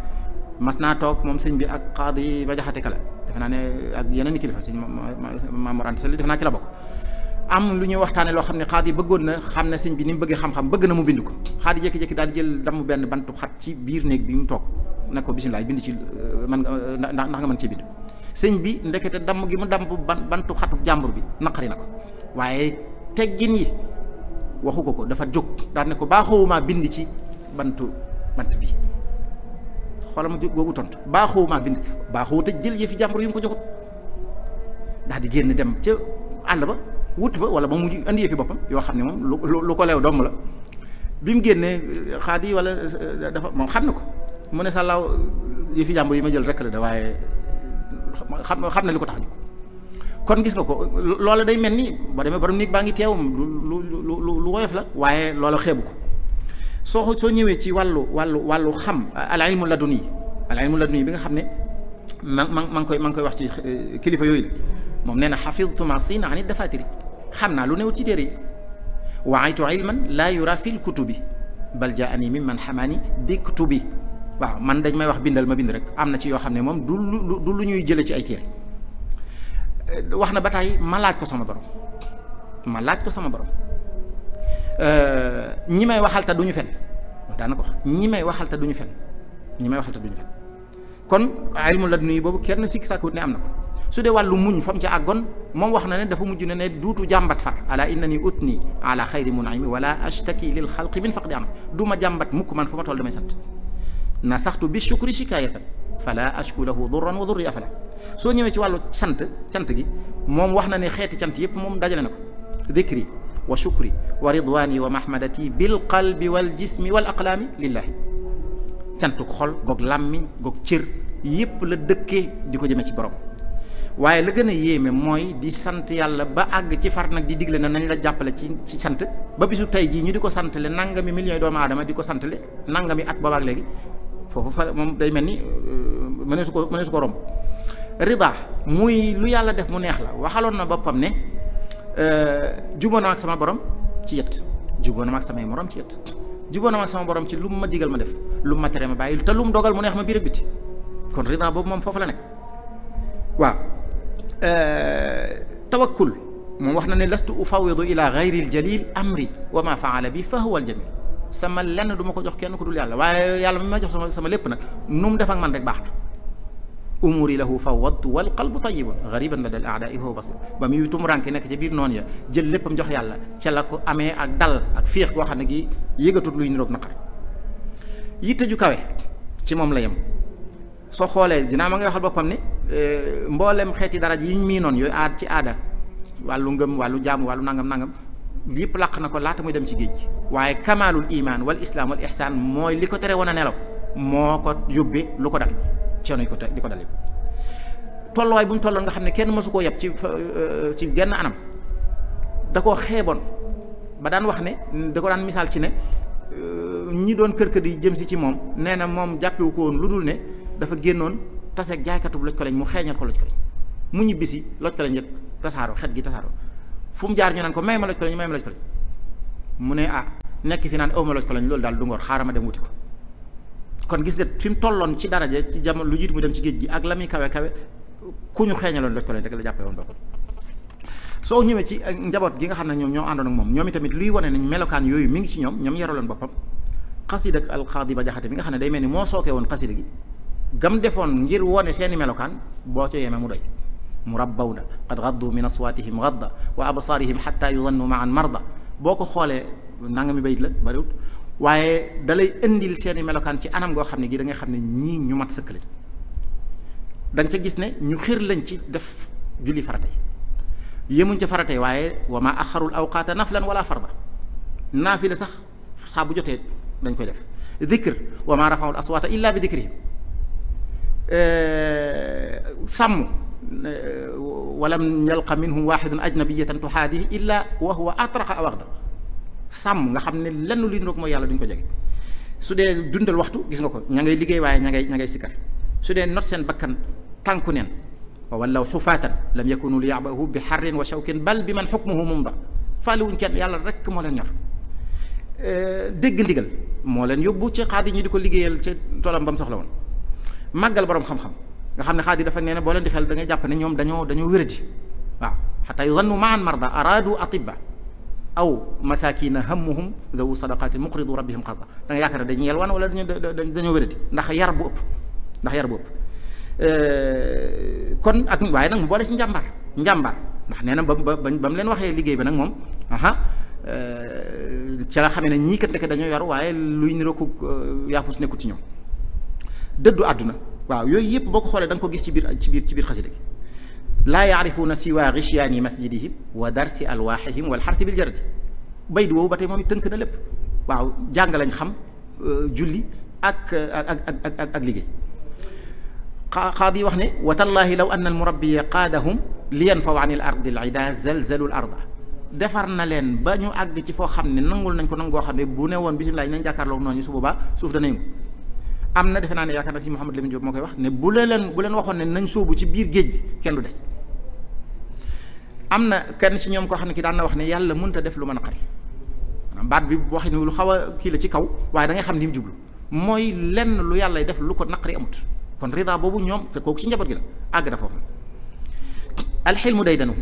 mas naa toog moom sëñ bi ak xaadi ba jaxate kala defe naa ne ak yeneen i kilifa sëñ Mamour Anta Sall defe naa ci la bokk am lu ñuy waxtaane loo xam ne xaadi bëggoon na xam ne sëñ bi ni mu bëggee xam-xam bëgg na mu bind ko xaadi jékki-jékki daal di jël damm benn bantu xat ci biir néeg bi mu toog ne ko bisimilah bind ci euh, man nga euh, ndax nga mën cee bind sëñ bi ndekete damm gi mu damm ban bantu xatu jàmbur bi naqari na ko waaye teggin yi waxu ko dafa jóg daal ne ko baaxoowumaa bind ci bantu bant bi xoolal ma googu tontu baaxoo maa bind baaxoo te jël yëfi jàmbur yu mu ko joxut ndax di génn dem ca àll ba wut fa wala ba mu indi yëfi boppam yoo xam ne moom lu lu ko leew doom la bi mu génnee euh, xaadi wala euh, dafa moom xam na ko mu ne sàllaaw euh, yëfi jàmbur yi ma jël rek la da waaye xam xam na ko tax jóg kon gis nga ko loola day mel ni ba demee borom nit baa ngi teewum lu lu lu woyof la waaye loola xeebu ko soo soo ñëwee ci wàllu wàllu wàllu xam al ilmu laduni al ilmu laduni bi nga xam ne ma ma ma ngi koy ma ngi koy wax ci eh, kilifa yooyu la moom nee na xafidtu ma sina ani dafatiri xam naa lu new ci téere yi waaytu ilman laa yura fil kutubi bal jaani min man xamaani bi kutubi waaw man dañ may wax bindal ma bind rek am na ci yoo xam ne moom du lu du lu ñuy jële ci ay téere eh, wax na ba tey ma laaj ko sama borom ma laaj ko sama borom Euh, ñi may waxal te duñu fen daana ko wax ñi may waxal duñu fen ñi may waxal te duñu fen kon ilmu ladunni boobu kenn sikki sàkkwut ne am na ko su dee wàllu muñ fa mu àggoon moom wax na ne dafa mujj ne ne duutu jàmbat far ala innani utni ala xayri munaymi wala ashtaki lil xalqi min faqdi du ma jàmbat mukk man fu ma toll damay sant na saxtu bi shukri shikayatan fala ashku lahu durran wa durri afala soo ñëwee ci wàllu cant cant gi moom wax na ne xeeti cant yëpp moom dajale na ko dhikri wa shukri wa ridwaani wa mahmadati bil qalbi wal jismi wal aqlaami lillaahi cantuk xol goog làmmiñ goog cër yépp la dëkkee di ko jëme ci borom waaye la gën a yéeme mooy di sant yàlla ba àgg ci far nag di digle na nañ la jàppale ci ci sant ba bisu tey jii ñu di ko santale nangami millions doomu aadama di ko santale mi at boobaak léegi foofu fa moom day mel ni euh, mëneesu ko mëneesu ko romb rida muy lu yàlla def mu neex la waxaloon na boppam ne Euh, juboo na ak sama borom ci yett juboo na ma samay morom ci yett juboo ma borom ci lu mu ma digal ma def lu mu ma tere ma bàyyi te lu mu dogal mu neex ma biir biti kon rida boobu moom foofu la nekk waaw euh, tawakkul wax na ne lastu ufawidu ila gayri l jalil amri wa ma faala bi fa huwa al jamil sama lenn du ma ko jox kenn ku dul yàlla waaye yàlla mi ma jox sama sama lépp nag nu mu def ak man rek baax na yi umuri lahu fawwadtu wal qalbu tayyibun ghariban la dal aada ifahu basir ba muy tumuranke nekk ci biir noonu ya jël léppam jox yàlla ca la ko amee ak dal ak féex goo xam ne gi yëgatut luy niroog naqar yitte ju kawe ci moom la yem soo xoolee dinaa ma ngay waxal boppam ne euh, mboolem xeeti dara yi ñu mii noonu yooyu aad ci aada wàllu ngëm wàllu jaamu wàllu nangam nangam yëpp làq na ko laata muy dem ci géej gi waaye kamaalul imaan wal islam wal ihsan mooy li ko tere woon a nelaw moo ko yóbbee lu ko dal coono yi ko di ko dal yëpp tolluwaay bu mu tolloon nga xam ne kenn mësu koo yab ci euh, ci genn anam da koo xeeboon ba daan wax ne da ko daan misaal ci ne euh, ñi doon kër kër di jëm si ci moom nee na moom jàppewu ko woon lu dul ne dafa génnoon taseeg jaaykatub loj ko lañ mu xeeñal ko loj ko lañ mu ñibbisi loj ko lañ yëpp tasaaroo xet gi tasaaroo fu mu jaar ñu naan ko may ma loj ko lañ may mu ne ah nekk fi naan awma loj ko loolu daal du ngor xaaral ma dem wuti ko kon gis nga fi mu tolloon ci daraja ci jamono lu jiit mu dem ci géej gi ak la muy kawe kawe ku ñu xeeñaloon loj ko leen rek la jàppee woon boppam soo ñëwee ci eh, njaboot gi nga xam ne ñoom ñoo ànd ak moom ñoom itamit luy wone nañ melokaan yooyu mi ngi ci ñoom ñoom yaraloon boppam xasida ak alxaadi ba jaxate bi nga xam ne day mel ni moo sookee woon xasida gi gam defoon ngir wone seeni melokaan boo ca yemee mu doy mu rabbawna qad gaddu min aswaatihim gadda wa absaarihim xatta yudannu maan marda boo ko xoolee nanga mi bayit la bariwut waaye dalay indil seeni melokaan ci anam goo xam ne gi da xam ne ñii ñu mat sëkk lañ da nga ca gis ne ñu xir lañ ci def julli farate yémuñ ca farate waaye wa ma axarul awqaata naflan wala farda naafila sax saa bu jotee dañ koy def dikr wa ma rafaul aswaata illa bi dikrihim sàmm walam yalqa minhum waxidun ajnabiyatan tuxaadihi illa wa huwa atraqa aw sàmm nga xam ne lenn luy niroog mooy yàlla duñ ko jege su dee dundal waxtu gis nga ko ña ngay liggéey waaye ña ngay ña ngay sikkar su dee not seen bakkan tànku neen walaw xufaatan lam yakunu li yabahu bi xarrin wa shawkin bal bi man xukmuhu mum ba faaliwuñ kenn yàlla rek moo leen ñor euh, dégg ndigal moo leen yóbbu ci xaadi ñi di ko liggéeyal ci toolam ba mu soxla woon màggal boroom xam-xam nga xam ne xaadi dafa nee ne boo leen di xel da ngay jàpp ne ñoom dañoo dañoo wéradi waaw xataa yudannu maan marda araadu atibba aw mu masakina hammuhum zawu sadaqati muqridu rabbihim qarda da nga yaakaar ne dañuy yelwaan wala dañu dañoo wéradi ndax yar bu ëpp ndax yar bu ëpp euh, kon ak waaye nag mu boole si njàmbaar njàmbaar ndax nee na ba ba ba mu leen waxee liggéey bi nag moom aha euh, ca la xamee ne ñii kat ndeke dañoo yaru waaye luy niroog euh, yaafus nekku ci ñoom dëddu àdduna waaw yooyu yëpp boo ko xoolee da nga ko gis ci biir ci biir ci bi xasida gi laa yaarifuuna siwa gisyaani masjidihim wa darsi alwaaxihim wal xarsi bil jardi bayt woowu ba tey moom it tënk na lépp waaw jàng lañ xam julli ak ak ak ak ak liggéey xaadi wax ne wa tallaahi law anna almurabbiya qaadahum li yanfaw an il ardi al ida zalzalu l arda defar na leen ba ñu àgg ci foo xam ne nangul nañ ko nangoo xam ne bu ne woon bisimilah nañ jàkkaarloog noonu su boobaa suuf dana yëngu am na defe naa ne yaakaar na si Mouhamed Lamine Diop moo koy wax ne bu lee leen bu leen waxoon ne nañ sóobu ci biir géej gi kenn du des am na kenn si ñoom koo xam ne ki daan na wax ne yàlla mënut a def lu mën a xari baat bi waxi ne lu xaw a kii la ci kaw waaye da nga xam ni mu jublu mooy lenn lu yàlla def lu ko naqari amut kon rida boobu ñoom te kooku ci njaboot gi la àgg na foofu alxilmu day danu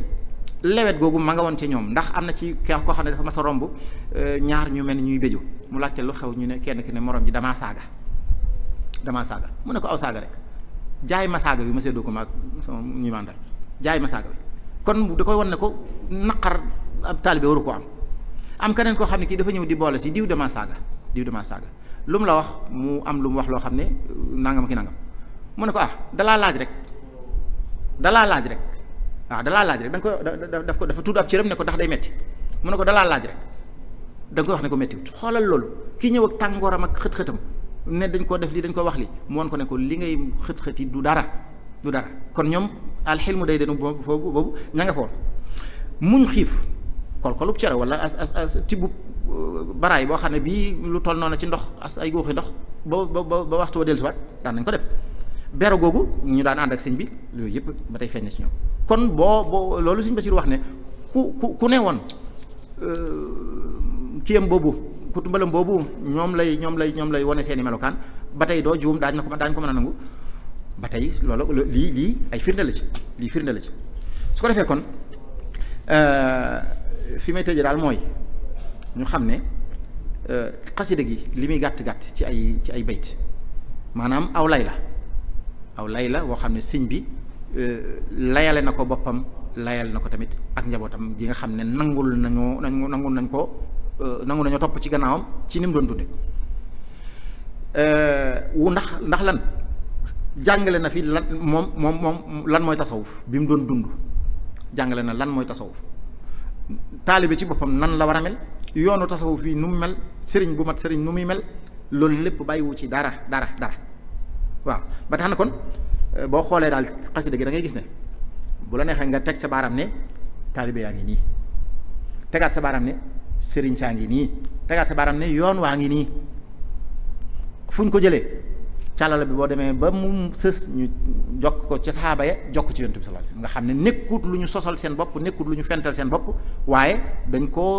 lewet googu ma nga woon ci ñoom ndax am na ci kii koo xam ne dafa mas a romb euh, ñaar ñu mel ni ñuy béju mu laajte lu xew ñu ne kenn ki ne morom ji damaa saaga damaa saaga mu ne ko aw saaga rek jaay ma saaga bi ma seddoo ko mag sama ñuy jaay ma saaga bi kon da koy wan ne ko naqar ab taalibe waru ko am am keneen koo xam ne kii dafa ñëw di boole si diw damaa saaga diw damaa saaga lu la wax mu am lu mu wax loo xam ne nangam ki nangam mu ne ko ah dalaa laaj rek dalaa laaj rek waaw ah, dalaa laaj rek da nga ko daf ko dafa tudd ne ko ndax day metti mun ne ko dalaa laaj rek da nga koy wax ne ko méttiwut xoolal loolu kii ñëw ak tàngooram ak xët-xëtam ne dañ koo def lii dañ ko wax li mu won ko ne ko li ngay xët-xëti du dara du dara kon ñoom mu day denu boobu foofu boobu nga foon muñ xiif kolkolub cere wala as as as tibbub euh, baraay boo xam ne bii lu toll noonu ci ndox as ay góoxi ndox ba ba ba waxtu wa dellusiwaat daan nañ ko def bero googu ñu daan ànd ak sëñ bi yooyu yëpp ba tey feeñ na ñoom kon boo boo loolu si sëñ Basiru wax ne ku ku ku ne woon euh, kiyam boobu kutumbalam boobu ñoom lay ñoom lay ñoom lay wane seen melokaan ba tey doo juum daañu la ko mën daañu ko mën a nangu ba tey loolu lii lii ay firnde la ci lii firnde la ci su ko defee kon euh, fi may tëjee daal mooy ñu xam ne euh, xasida gi li muy gàtt gàtt ci ay ci ay bayt maanaam aw lay la aw lay la woo xam ne siñ bi euh, layale na ko boppam layal na ko tamit ak njabootam gi nga xam ne nangul nañoo nangul nañ ko Euh, nangu nañoo topp ci gannaawam ci ni mu doon dunde euh, wu ndax ndax lan jàngale na fi lan moom moom moom lan mooy tasawuf bi mu doon dund jàngale na lan mooy tasawuf taalibe ci boppam nan la war a mel yoonu tasawuf yi nu mu mel sëriñ bu mat sëriñ nu muy mel loolu lépp bàyyiwu ci dara dara dara waaw ba tax na kon euh, boo xoolee daal xasida gi da ngay gis ne bu la neexee nga teg sa baaram ne taalibe yaa ngi nii tegaat sa baaram ne sëriñ saa ngi nii tegaat sa baaraam ne yoon waa ngi nii fu ñu ko jëlee càllala bi boo demee ba mu sës ñu jokk ko ca saxaaba ya jokk ci yonent bi sallallahu alayhi nga xam ne nekkut lu ñu sosal seen bopp nekkut lu ñu fental seen bopp waaye dañ koo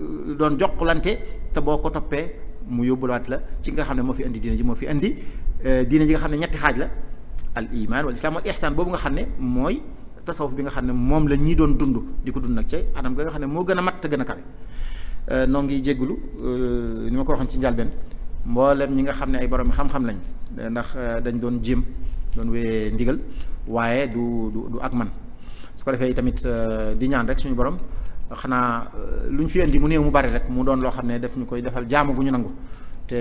euh, doon jokkalante te boo ko toppee mu yóbbulaat la ci nga xam ne moo fi indi diine ji moo fi indi euh, diine ji nga xam ne ñetti xaaj la al iman wal islam wal ihsan boobu nga xam ne mooy tasawuf bi nga xam ne moom la ñii doon dund di ko dund nag ci anam ga nga xam ne moo gën a mat te gën a kawe euh, noo ngi jéggulu euh, ni ma ko waxoon ci njalbeen mboolem ñi nga xam ne ay boroom xam-xam lañ euh, ndax dañ doon jéem doon wéyee ndigal waaye du du ak man su ko defee tamit di ñaan rek suñu borom xanaa lu ñu fi indi mu néew mu bari rek mu doon loo xam ne daf ñu koy defal jaamu gu ñu nangu te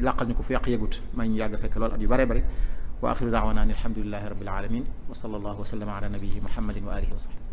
làqal ñu ko fu yàq yëgut may ñu yàgg fekk loolu at yu bare bari wa axiru daawana an alhamdulilahi rabil alamin wa sallallahu wa sallama ala nabiyi muhammadin wa alihi wa sahbi